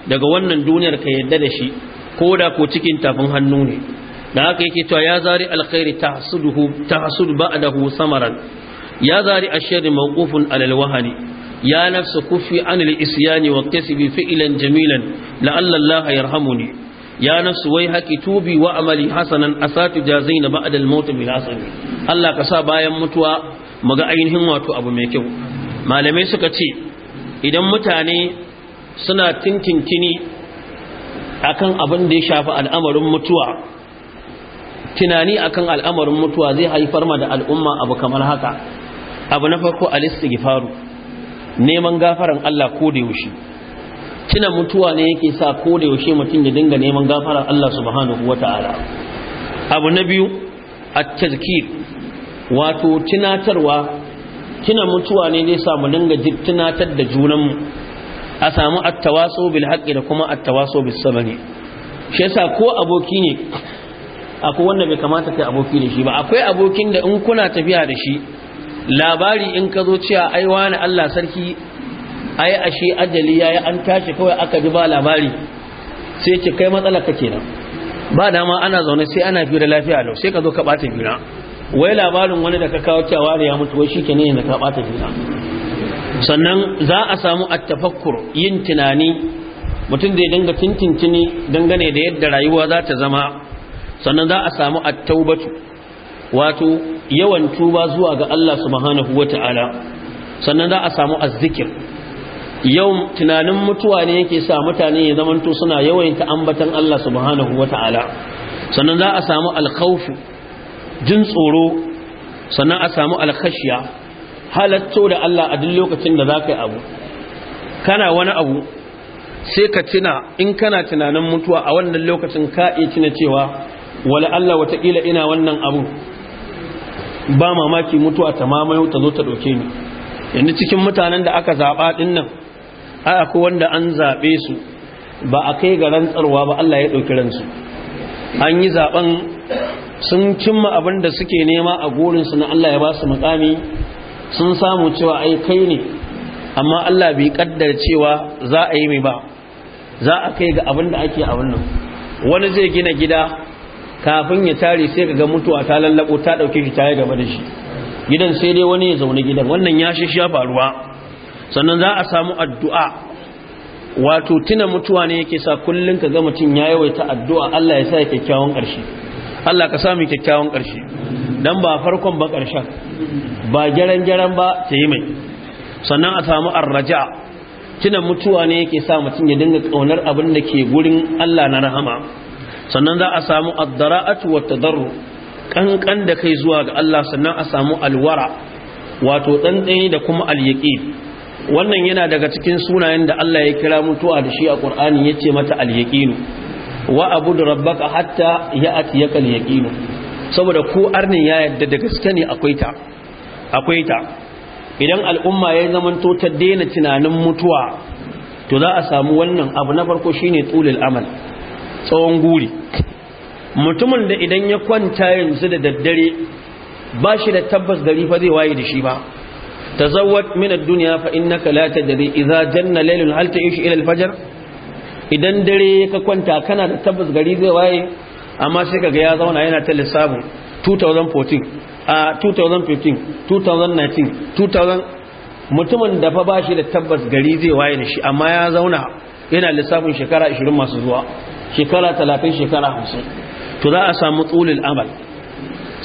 [SPEAKER 1] daga wannan duniyar ka yadda da shi ko da ko cikin tafin hannu ne da aka yake cewa ya zari alkhairi tahsuduhu tahsud ba'dahu samaran ya zari ashar mawqufun alal wahani ya nafsu kufi anil isyani wa kasibi fi'lan jamilan la'alla Allah yarhamuni ya nafsu wai haki tubi wa amali hasanan asatu jazaina ba'd al-maut bil hasabi Allah ka sa bayan mutuwa muga ainihin wato abu mai kyau malamai suka ce idan mutane suna tintintini akan abin da ya shafi al'amarin mutuwa tunani akan al'amarin mutuwa zai haifar ma da al'umma abu kamar haka abu na farko al neman gafaran Allah ko da yaushe tuna mutuwa ne yake sa ko da yaushe mutum ya dinga neman gafara Allah subhanahu Ta'ala? abu na biyu a tazkir wato tunatarwa tuna mutuwa ne ne sa mu dinga tunatar da junanmu a samu attawaso bil haqqi da kuma attawaso bis sabani shi yasa ko aboki ne akwai wanda bai kamata kai aboki da shi ba akwai abokin da in kuna tafiya da shi labari in ka zo cewa ai wani Allah sarki ai ashe ajali yayi an tashi kawai aka ji ba labari sai ce kai matsala ka kenan ba dama ana zaune sai ana fira lafiya lau sai ka zo ka bata juna wai labarin wani da ka kawo cewa ya mutu wai shi ne da ka bata juna. sannan za a samu attafakkur yin tunani mutum da ya dinga tintintini dangane da yadda rayuwa za ta zama sannan za a samu attaubatu wato yawan tuba zuwa ga Allah subhanahu wata'ala sannan za a samu azzikir yau tunanin mutuwa ne yake sa mutane ya zamanto suna yawaita ambatan Allah subhanahu wa Ta'ala sannan za a samu alkhawf jin tsoro sannan a samu alkhashiya halatto da Allah a duk lokacin da zaka yi abu kana wani abu sai ka tuna in kana tunanin mutuwa a wannan lokacin ka iya tuna cewa wala Allah wataƙila ina wannan abu ba mamaki mutuwa ta mamayo ta zo ta ɗauke ni yanzu cikin mutanen da aka zaɓa ɗin nan ai akwai wanda an zaɓe su ba a kai ga rantsarwa ba Allah ya ɗauki ransu an yi zaɓen sun cimma abin da suke nema a gurinsu na Allah ya ba su mukami sun samu cewa ai kai ne amma Allah bai kaddar cewa za a yi mai ba za a kai ga abin da ake a wannan wani zai gina gida kafin ya tare sai ga mutuwa ta lallabo ta dauke shi ta yi gaba da shi gidan sai dai wani ya zaune gidan wannan ya shi shafa ruwa sannan za a samu addu'a wato tuna mutuwa ne yake sa kullum ka ga mutum ya yawaita addu'a Allah ya sa kyakkyawan ƙarshe Allah ka sami kyakkyawan ƙarshe don ba farkon ba ƙarshen ba gyaran-gyaran ba ta yi mai sannan a samu arraja tuna mutuwa ne yake sa mutum ya dinga ƙaunar abin da ke gurin Allah na rahama sannan za a samu addara'atu wa tadarru kankan da kai zuwa ga Allah sannan a samu alwara wato ɗanɗani da kuma alyaƙi wannan yana daga cikin sunayen da Allah ya kira mutuwa da shi a Qur'ani yace mata al-yaqinu wa abudu rabbaka hatta ya'ti yakal yaqinu saboda ku arnin ya yadda da gaske ne akwai ta akwai ta idan al'umma ya zaman to ta daina tunanin mutuwa to za a samu wannan abu na farko shine tulul amal tsawon guri mutumin da idan ya kwanta yanzu da daddare ba shi da tabbas gari fa zai waye da shi ba tazawwad min ad-dunya fa innaka la tadri idza janna laylun hal ta'ishu ila al-fajr idan dare ka kwanta kana da tabbas gari zai waye amma sai kaga ya zauna yana ta lissafin 2014 a 2015 2019 2000 mutumin da fa bashi da tabbas gari zai waye da shi amma ya zauna yana lissafin shekara 20 masu zuwa shekara 30 shekara 50 to za a samu tsulul amal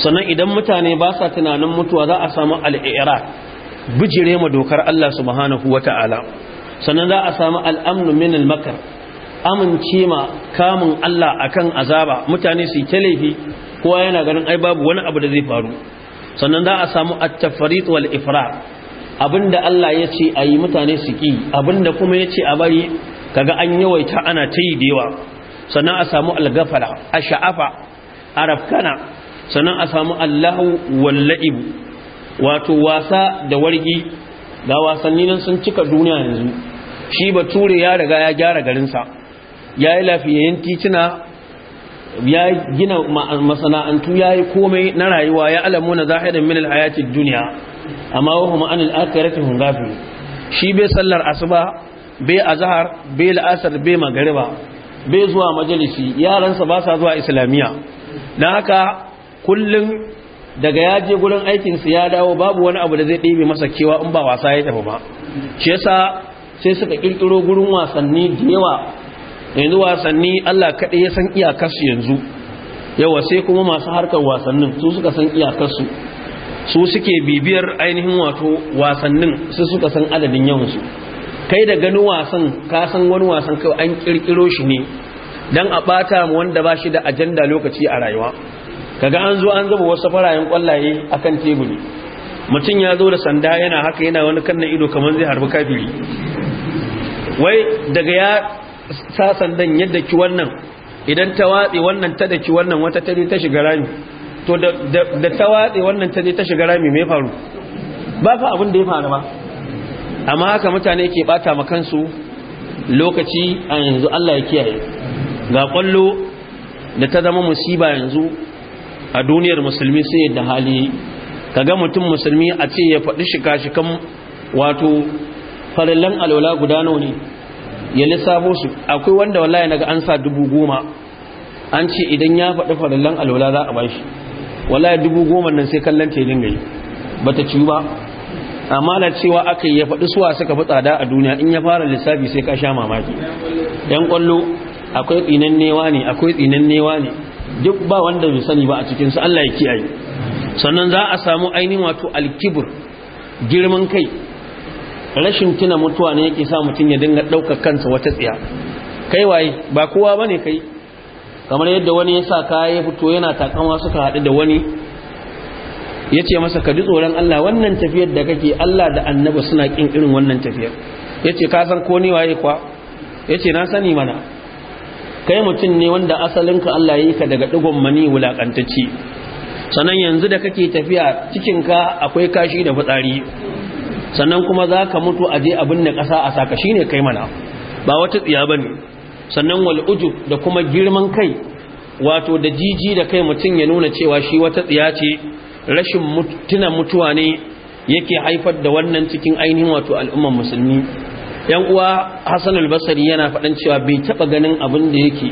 [SPEAKER 1] sannan idan mutane ba sa tunanin mutuwa za a samu al'irar bijire ma dokar Allah subhanahu ta’ala sannan za a samu al'amnu min al-makar amince ma kamun Allah akan azaba mutane su yi ta laifi kowa yana ganin ai babu wani abu da zai faru sannan za a samu at-tafrit wal ifra abinda Allah ya ce ayi mutane su ki abinda kuma ya ce a bari kaga an yawaita ana ta yi dewa sannan a samu al-gafara a sha'afa arafkana sannan a samu Allahu wal la'ibu. wato wasa da wargi ga wasanni nan sun cika duniya yanzu shi bature ya riga ya gyara garinsa ya yi lafiyayyen titina ya gina masana'antu ya yi komai na rayuwa ya alamu na zahirin min alhayatid duniya amma wa huma anil akhirati hum ghafilun shi bai sallar asuba bai azhar bai la'asar bai magariba bai zuwa majalisi yaransa ba sa zuwa islamiya dan haka kullun daga ya je gurin aikinsu ya dawo babu wani abu da zai ɗebe masa kewa in ba wasa ya tafi ba shi yasa sai suka kirkiro gurin wasanni da yawa yanzu wasanni Allah kaɗai ya san iyakarsu yanzu yawa sai kuma masu harkar wasannin su suka san iyakarsu su suke bibiyar ainihin wato wasannin su suka san adadin yawansu kai da ganin wasan ka san wani wasan kawai an kirkiro shi ne don a ɓata wanda ba shi da ajanda lokaci a rayuwa kaga an zo an zaba wasu farayen kwallaye kan teburi mutum ya zo da sanda yana haka yana wani kanna ido kamar zai harbi kafiri wai daga ya sa sandan yadda ki wannan idan ta watsi wannan ta da ki wannan wata ta ta shiga rami to da ta watsi wannan ta ta shiga rami mai faru ba fa abin da ya faru ba amma haka mutane ke bata ma kansu lokaci a yanzu Allah ya kiyaye ga kwallo da ta zama musiba yanzu a duniyar musulmi sai yadda hali Ka ga mutum musulmi a ce ya faɗi kashi kan wato farallan alola guda nawa ne ya lissafo su akwai wanda wallahi naga an sa dubu goma an ce idan ya faɗi farallan alola za a ba Wala wallahi dubu goma nan sai kallon ce dinga Ba ta ciwu ba amma da cewa aka yi ya faɗi suwa suka fi tsada a duniya in ya fara lissafi sai ka sha mamaki yan kwallo akwai tsinan newa ne akwai tsinan newa ne duk ba wanda bai sani ba a cikin su Allah ya kiyaye sannan za a samu ainihin wato alkibir girman kai rashin tuna mutuwa ne yake sa mutum ya dinga ɗaukar kansa wata tsiya kai waye ba kowa bane kai kamar yadda wani ya sa kaya ya fito yana takawa suka haɗu da wani ya ce masa ka ji tsoron Allah wannan tafiyar da kake Allah da annabi suna kin irin wannan tafiyar ya ce ka san ko ni waye kwa ya ce na sani mana kai mutum ne wanda asalinka Allah ya yi ka daga digon mani wulakantacci sannan yanzu da kake tafiya cikinka akwai kashi da fitsari sannan kuma za ka mutu aje abin da ƙasa a saka shi ne kai mana ba wata tsiya bane, ne sannan wal'uju da kuma girman kai wato da jiji da kai mutum ya nuna cewa shi wata tsiya ce rashin tuna mutuwa ne yake haifar da wannan cikin ainihin wato al'umman musulmi yan uwa Hassan albasari yana faɗan cewa bai taba ganin abin da yake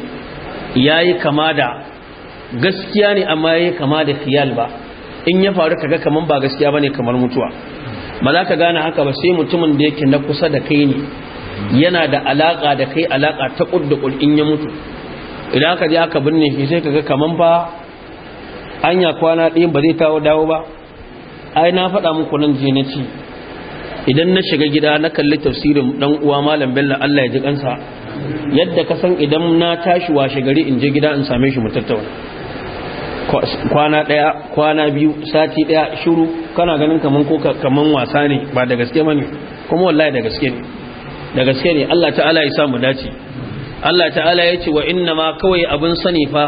[SPEAKER 1] yayi kama da gaskiya ne amma yayi kama da fiyal ba in ya faru kaga kaman ba gaskiya bane kamar mutuwa ba za ka gane haka ba sai mutumin da yake na kusa da kai ne yana da alaka da kai alaka ta kuddukul in ya mutu idan aka je aka binne shi sai kaga kaman ba anya kwana ɗaya ba zai tawo dawo ba ai na faɗa muku nan je na ci idan na shiga gida na kalli tafsirin dan uwa malam bello Allah ya ji kansa yadda ka san idan na tashi washe gari in je gida in same shi mu tattauna kwana daya kwana biyu sati daya shiru kana ganin kaman ko kaman wasa ne ba da gaske bane kuma wallahi da gaske ne da gaske ne Allah ta'ala ya samu dace Allah ta'ala ya ce wa inna ma kawai abun sani fa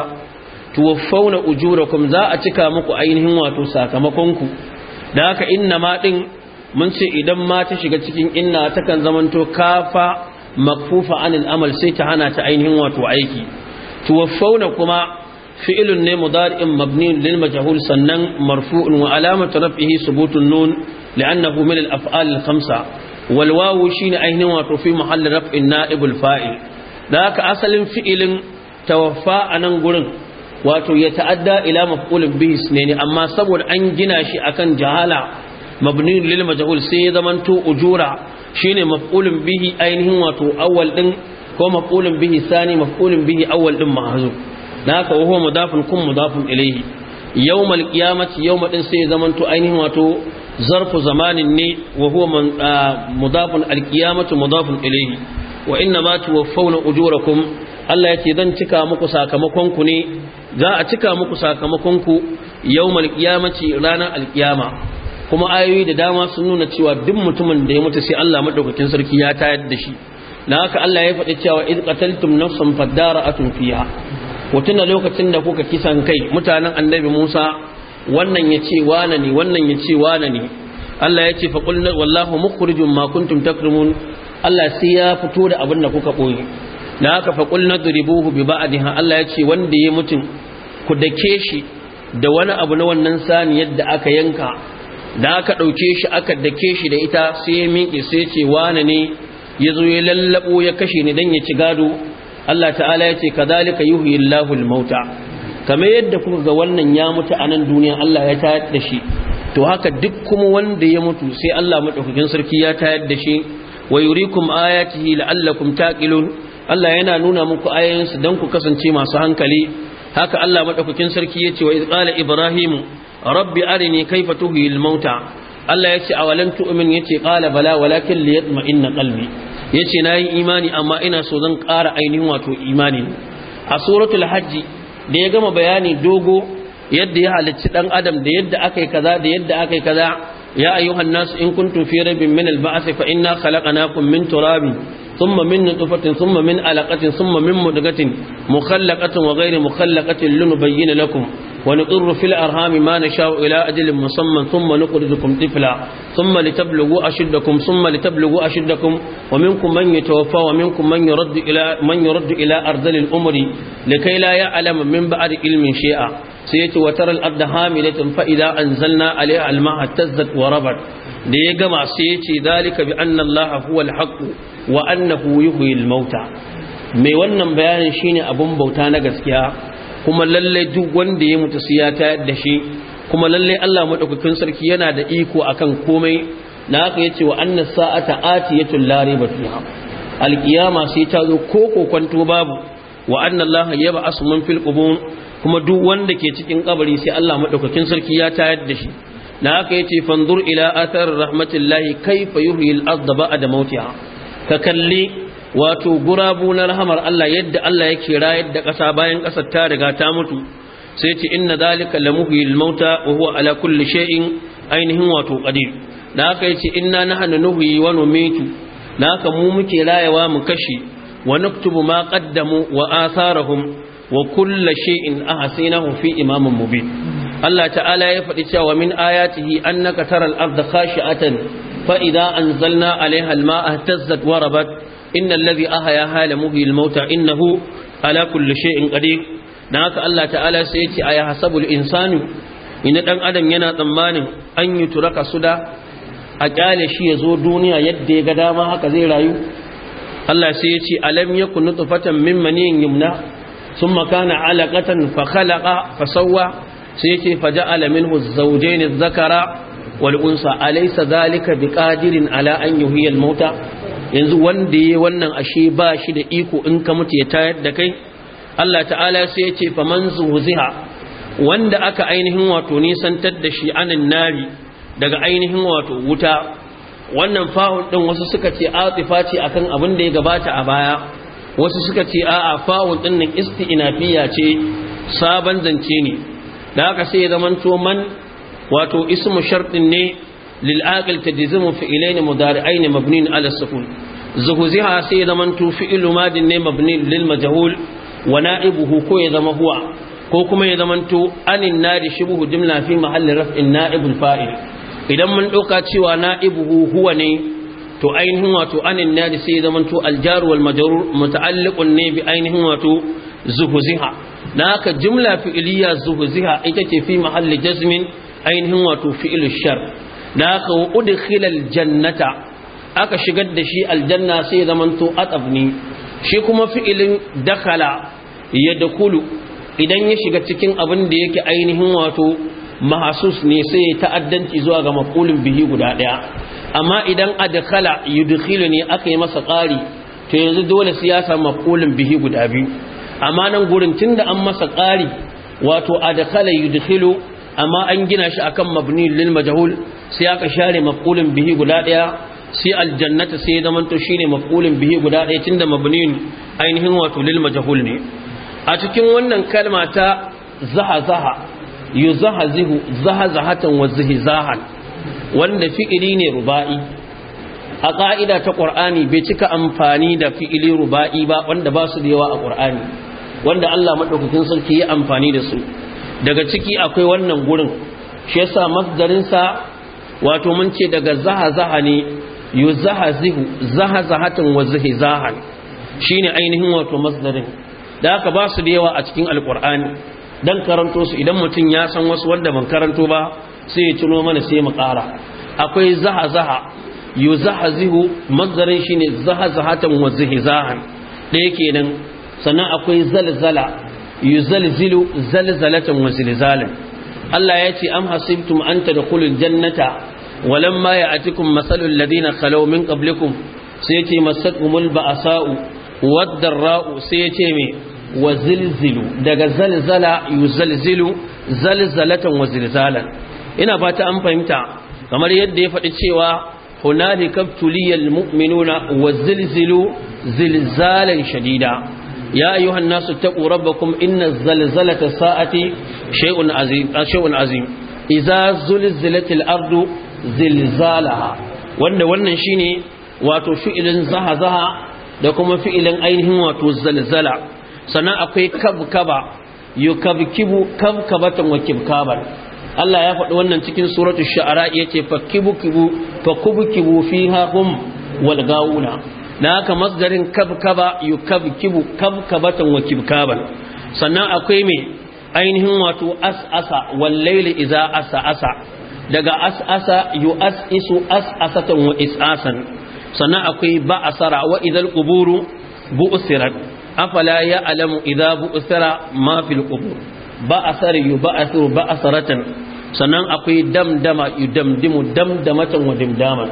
[SPEAKER 1] tuwaffawna ujurakum za a cika muku ainihin wato sakamakon ku da haka inna ma din mun ce idan ma ta shiga cikin inna takan zamanto kafa makfufa anil amal sai ta hana ta ainihin wato aiki tuwaffawna kuma fi'ilun ne mudari'in mabnin lil majhul sannan marfu'un wa alamatu raf'ihi subutun nun li'annahu min al af'al al khamsa wal wawu shine ainihin wato fi mahalli raf'in na'ibul fa'il da haka asalin fi'ilin tawaffa anan gurin wato ya ta'adda ila maf'ulin bihi ne amma saboda an gina shi akan jahala mabni lil majhul sai ya zamanto ujura shine maf'ulun bihi ainihin wato awwal din ko maf'ulun bihi sani maf'ulun bihi awwal din ma'azu naka wa huwa mudafun kun mudafun ilayhi yawmal qiyamati yawma din sai ya zamanto ainihin wato zarfu zamanin ne wa huwa ah, mudafun alqiyamatu mudafun ilayhi wa inna ma tuwaffawna ujurakum zan cika muku sakamakon ku ne za a cika muku sakamakon ku yawmal qiyamati ranar alkiyama kuma ayoyi da dama sun nuna cewa duk mutumin da ya mutu sai Allah madaukakin sarki ya tayar da shi dan haka Allah ya faɗi cewa id qataltum nafsan atun fiha wutun lokacin da kuka kisan kai mutanen annabi Musa wannan yace wana ne wannan yace wana ne Allah yace fa qul wallahu mukhrijum ma kuntum takrumun Allah sai ya fito da abin da kuka boye dan haka fa qul nadribuhu bi ba'diha Allah yace wanda ya mutu ku dake shi da wani abu na wannan saniyar da aka yanka da aka ɗauke shi aka dake shi da ita sai ya miƙe sai ce wane ne ya zo ya lallaɓo ya kashe ni don ya ci gado Allah ta'ala ya ce ka zalika yuhi Allahul mauta kamar yadda kuka ga wannan ya mutu a nan duniya Allah ya tayar da shi to haka duk kuma wanda ya mutu sai Allah madaukakin sarki ya tayar da shi wa yurikum ayatihi la'allakum taqilun Allah yana nuna muku ayoyinsa don ku kasance masu hankali haka Allah madaukakin sarki ya ce wa iz qala rabbi arini kaifa tuhil mauta Allah ya ce awalan tu'min yace qala bala walakin liyatma'inna qalbi yace nayi imani amma ina so zan ƙara ainihin wato imani a suratul hajji da ya gama bayani dogo yadda ya halicci dan adam da yadda akai kaza da yadda akai kaza ya ayyuhan nas in kuntum fi raibin min al-ba'th fa inna khalaqnakum min turabin ثم من نطفة ثم من علقة ثم من مدغة مخلقة وغير مخلقة لنبين لكم ونقر في الأرهام ما نشاء إلى أجل مسمى ثم نقرضكم طفلا ثم لتبلغوا أشدكم ثم لتبلغوا أشدكم ومنكم من يتوفى ومنكم من يرد إلى من يرد إلى أرذل الأمر لكي لا يعلم من بعد علم شيئا سيأتي وترى الأرض هاملة فإذا أنزلنا عليها الماء اهتزت وربت da ya gama sai ya ce zalika bi anna Allah huwa al-haqq wa annahu yuhyil mauta mai wannan bayanin shine abun bauta na gaskiya kuma lalle duk wanda ya mutu sai ya tayar da shi kuma lalle Allah madaukakin sarki yana da iko akan komai na haka yace wa annas sa'ata atiyatul la riba alqiyama sai ta zo ko kokonto babu wa anna Allah filkubu. fil qubur kuma duk wanda ke cikin kabari sai Allah madaukakin sarki ya tayar da shi na haka yace fanzur ila athar rahmatillahi kayfa yuhyi al-ardh ba'da mautiha ka kalli wato gurabu na rahamar Allah yadda Allah yake rayar da ƙasa bayan ƙasar ta riga ta mutu sai ce inna zalika lamuhyil mauta wa huwa ala kulli shay'in ainihin wato qadir da haka yace inna nahnu nuhyi wa numitu da haka mu muke rayawa mu kashe wa naktubu ma qaddamu wa atharahum wa kulli shay'in ahsaynahu fi imamin mubin Allah ta'ala ya faɗi cewa min ayatihi annaka taral arda khashi'atan fa idza anzalna alaiha alma'a ihtazzat wa rabat innal ladhi ahya hala muhyil mauta innahu ala kulli shay'in qadir dan haka Allah ta'ala sai yace aya hasabul insanu inda dan adam yana tsammanin an yi turaka suda a kyale shi ya zo duniya yadda ya ga dama haka zai rayu Allah sai ya ce alam yakun nutfatan fatan maniyin yumna sun makana alaqatan fa khalaqa fa sawwa sai ya ce fa ja'ala minhu az-zawjayn adh-dhakara wal unsa alaysa dhalika biqadirin ala an yuhyiya mauta yanzu wanda ya wannan ashe ba shi da iko in ka mutu ya tayar da kai Allah ta'ala sai ya ce fa man zuziha wanda aka ainihin wato nisantar da shi anan nari daga ainihin wato wuta wannan faul din wasu suka ce atifa ce akan abin da ya gabata a baya wasu suka ce a'a fa'ul din nan isti'nafiya ce sabon zance ne da haka sai ya zamanto man wato ismu shartin ne للآقل تجزم فعلين مضارعين مبنين على السكون زهزها سيدا من تفعل ماد مبني للمجهول ونائبه كو يزم هو ko kuma ya zamanto anin nari shubuhu jumla fi mahallin raf'in na'ibul fa'il idan mun ɗauka cewa na'ibuhu huwa ne to ainihin wato anin nari sai ya zamanto aljar wal majrur muta'alliqun ne bi ainihin wato zuhuziha dan haka jumla fi'liya zuhuziha ita ce fi mahalli jazmin ainihin wato shar da aka wa hilal jannata aka shigar da shi aljanna sai ya zamanto atabni shi kuma fi'ilin dakala ya dakulu idan ya shiga cikin abin da yake ainihin wato mahasus ne sai ya ta'addanci zuwa ga maqulin bihi guda ɗaya. amma idan adkhala yudkhilu ne aka yi masa ƙari to yanzu dole sai ya samu bihi guda biyu amma nan gurin tunda an masa ƙari wato adkhala yudkhilu amma an gina shi akan mabni lil majhul sai aka share maf'ulin bihi guda daya sai aljannata sai zama to shine maf'ulin bihi guda daya tunda mabniin ainihin wato lil majhul ne a cikin wannan kalma ta zahazaha yuzahazihu zahazahatan wa zihzahan wanda fi'ili ne ruba'i a ƙa'ida ta ƙur'ani bai cika amfani da fi'ili ruba'i ba wanda ba su da yawa a ƙur'ani wanda Allah madaukakin sarki ya amfani da su daga ciki akwai wannan gurin shi yasa sa wato mun ce daga zaha zaha ne yu zaha zihu zaha zahatin wa zihi zahan shine ainihin wato masdarin da aka ba su da yawa a cikin Alƙur'ani, don karanto su idan mutum ya san wasu wanda ban karanto ba sai ya cino mana sai mu ƙara akwai zaha zaha yu zaha zihu masdarin shine zaha zahatin wa zihi zahan ɗaya kenan sannan akwai zalzala yu zalzilu zalzalatan wa zilzalin Allah ya ce am hasibtum an tadkhulul jannata walamma ya'atikum masalul ladina khalaw min qablikum sai yace masatumul ba'sa'u wad-darra'u sai yace me wa zilzilu daga zalzala yuzalzilu zalzalatan wa zilzalan ina fata an fahimta kamar yadda ya faɗi cewa hunalika tuliyal mu'minuna wa zilzilu zilzalan shadida ya ayyuhan nasu taqu rabbakum inna zalzalata sa'ati shay'un azim azim idza zulzilatil ardu zilzalaha wanda wannan shine wato fi'ilin zahazaha da kuma fi'ilin ainihin wato zalzala sannan akwai kabkaba yukabkibu kabkabatan wa kibkaban Allah ya faɗi wannan cikin suratul shu'ara yace fakibukibu fakubukibu fiha hum wal gauna na haka masdarin kabkaba yukabkibu kabkabatan wa kibkaban sannan akwai me ainihin wato as'asa wal layli iza as'asa daga as'asa as'isu as'asatan wa is'asan sannan akwai ba'asara wa idal quburu bu'sirat afala ya'lamu idza bu'sira ma fil qubur ba'asar yub'athu ba'asaratan sannan akwai damdama damdimu damdamatan wa dimdaman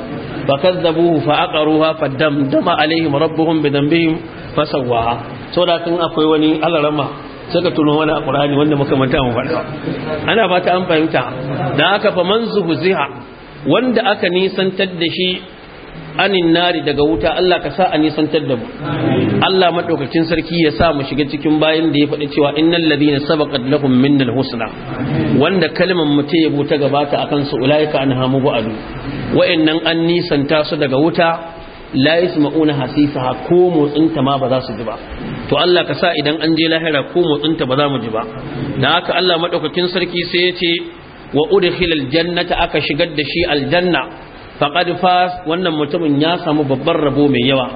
[SPEAKER 1] fa kazzabuhu fa aqaruha fa damdama alaihim rabbuhum bi dhanbihim fa sawwaha saboda tun akwai wani alarama saka tuno wani alqur'ani wanda muka manta mu faɗa ana fata an fahimta Da aka fa man zuhziha wanda aka nisantar da shi anin nari daga wuta Allah ka sa a nisantar da mu Allah madaukakin sarki ya sa mu shiga cikin bayan da ya faɗi cewa innal ladina sabaqat lahum minnal husna wanda kalmar mu ta yabo ta gabata akan su ulaika anha mubadu wa'annan an nisanta su daga wuta la yasma'una hasisaha ko motsin ta ma ba za su ji ba to Allah ka sa idan an je lahira ko motsin ta ba za mu ji ba dan haka Allah madaukakin sarki sai ya ce wa udkhil aljannata aka shigar da shi aljanna faqad fas wannan mutumin ya samu babban rabo mai yawa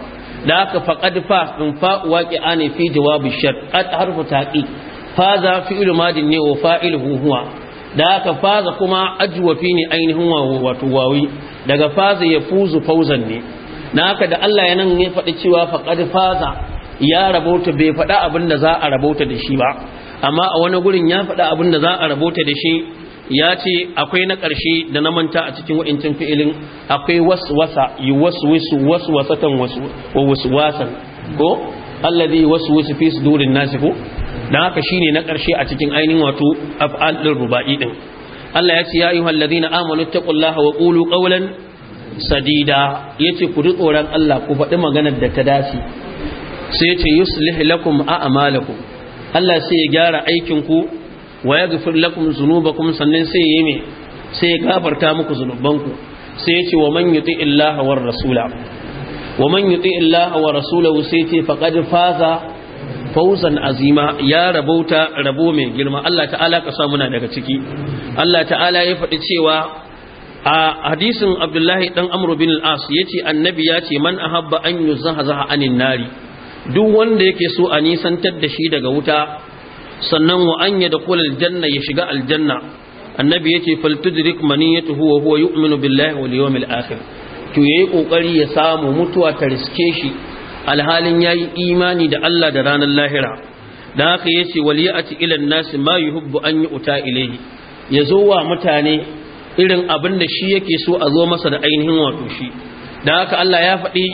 [SPEAKER 1] da haka faqad fas din fa waqi ani fi jawabi shart qad harfu taqi faza fi'lu madin ne wa fa'iluhu huwa da haka faza kuma ajwafi ne ainihin wato wawi daga faza ya fuzu fauzan ne na haka da Allah ya nan ya faɗi cewa faƙar faza ya rabota bai faɗa abinda da za a rabota da shi ba amma a wani gurin ya faɗa abin za a rabota da shi ya ce akwai na ƙarshe da na manta a cikin wa'incin fi'ilin akwai waswasa yi waswisu waswasatan waswasan ko allazi waswisu fi su durin nasi ko dan haka shi ne na ƙarshe a cikin ainihin wato af'al din ruba'i ɗin Allah ya ce ya yi ayyuhal na amanu taqullaha wa ƙulu ƙaulan? sadida yace ku ji tsoron Allah ku faɗi maganar da ta dace sai yace yuslih lakum a'malakum Allah sai ya gyara aikin ku wa yaghfir lakum zunubakum sannan sai ya yi sai ya gafarta muku zunubanku sai yace wa man yuti illaha war rasula wa man yuti illaha wa rasula sai yace faqad faza fauzan azima ya rabauta rabo mai girma Allah ta'ala ka sa muna daga ciki Allah ta'ala ya faɗi cewa a hadisin abdullahi dan amru bin al-as yace annabi ya ce man ahabba an yuzahzaha anin nari duk wanda yake so a nisantar da shi daga wuta sannan wa an yadkhul kula aljanna ya shiga aljanna annabi yace faltudrik maniyatuhu wa huwa yu'minu billahi wal yawmil akhir to yayi kokari ya samu mutuwa ta riske shi alhalin yayi imani da Allah da ranar lahira dan haka yace waliyati ila an-nas ma yuhibbu an yu'ta ilayhi yazo wa mutane irin abin da shi yake so a zo masa da ainihin wato shi da haka Allah ya faɗi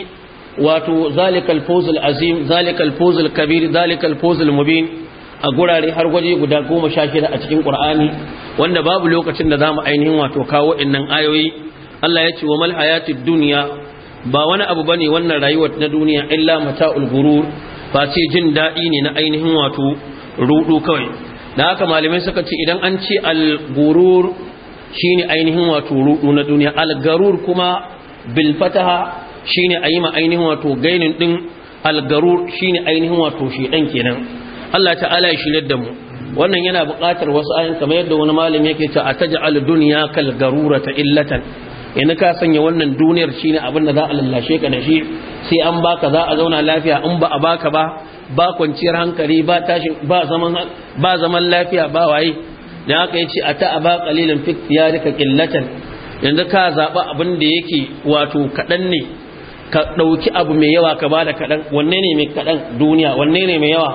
[SPEAKER 1] wato zalikal fawzul azim zalikal fawzul kabir zalikal fawzul mubin a gurare har waje guda goma sha shida a cikin qur'ani wanda babu lokacin da zamu ainihin wato kawo innan ayoyi Allah ya ce wa mal hayatid dunya ba wani abu bane wannan rayuwar na duniya illa mata'ul gurur ba ce jin daɗi ne na ainihin wato rudu kawai da haka malamai suka ce idan an ce al-gurur shine ainihin wato rudu na duniya algarur kuma bilfataha fataha a ayi ma ainihin wato gainin din algarur ne ainihin wato ɗan kenan Allah ta'ala ya shirye da mu wannan yana buƙatar wasu ayin kamar yadda wani malami yake ta ataj'al dunya kal ta illatan yana ka sanya wannan duniyar shine abin da za a lallashe ka da shi sai an baka za a zauna lafiya in ba a baka ba ba kwanciyar hankali ba tashin ba zaman ba zaman lafiya ba waye da haka yace ata aba qalilan fi rika qillatan yanzu ka zaɓa abin da yake wato kadan ne ka dauki abu mai yawa ka bada kadan wanne ne mai kadan duniya wanne ne mai yawa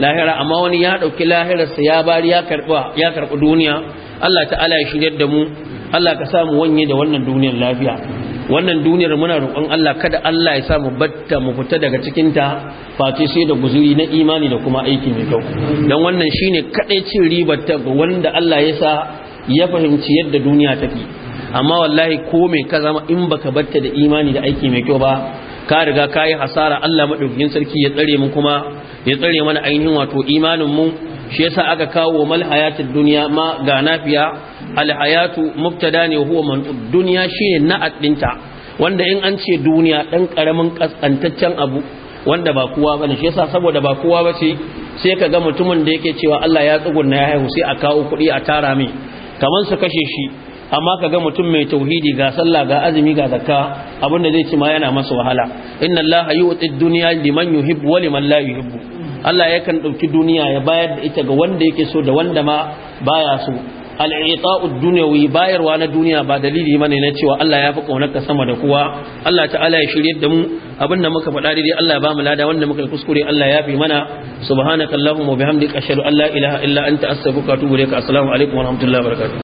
[SPEAKER 1] lahira amma wani ya ɗauki lahirarsa ya bari ya karba duniya Allah ta'ala ya shigar da mu Allah ka samu wanye da wannan duniyar lafiya wannan duniyar muna roƙon Allah kada Allah ya sa mu batta mu fita daga cikin ta face sai da guzuri na imani da kuma aiki mai kyau dan wannan shine kadai cin ribar ta wanda Allah ya sa ya fahimci yadda duniya take amma wallahi ko me ka zama in baka batta da imani da aiki mai kyau ba ka riga kai hasara Allah madaukakin sarki ya tsare mu kuma ya tsare mana ainihin wato imanin mu shi yasa aka kawo mal hayatid dunya ma ga nafiya al hayatu mubtada ne huwa man dunya shine na'at dinta wanda in an ce duniya dan karamin kasantaccen abu wanda ba kowa bane shi yasa saboda ba kowa bace sai ka ga mutumin da yake cewa Allah ya tsugunna ya haihu sai a kawo kuɗi a tara mai Kamar su kashe shi amma ka ga mutum mai tauhidi ga sallah ga azumi ga zakka abinda zai ci ma yana masa wahala inna laha yu'ti ad-dunya liman yuhibbu wa liman la yuhibbu Allah yakan ɗauki duniya ya bayar da ita ga wanda yake so da wanda ma baya so al'ita'ud dunyawi bayarwa na duniya ba dalili mane na cewa Allah ya fi kaunarka sama da kowa Allah ta'ala ya shirye da mu abinda muka faɗa daidai Allah ya ba mu lada wanda muka kuskure Allah ya fi mana subhanakallahumma wa bihamdika ashhadu an la ilaha illa anta astaghfiruka wa atubu ilaik assalamu alaikum wa rahmatullahi wa barakatuh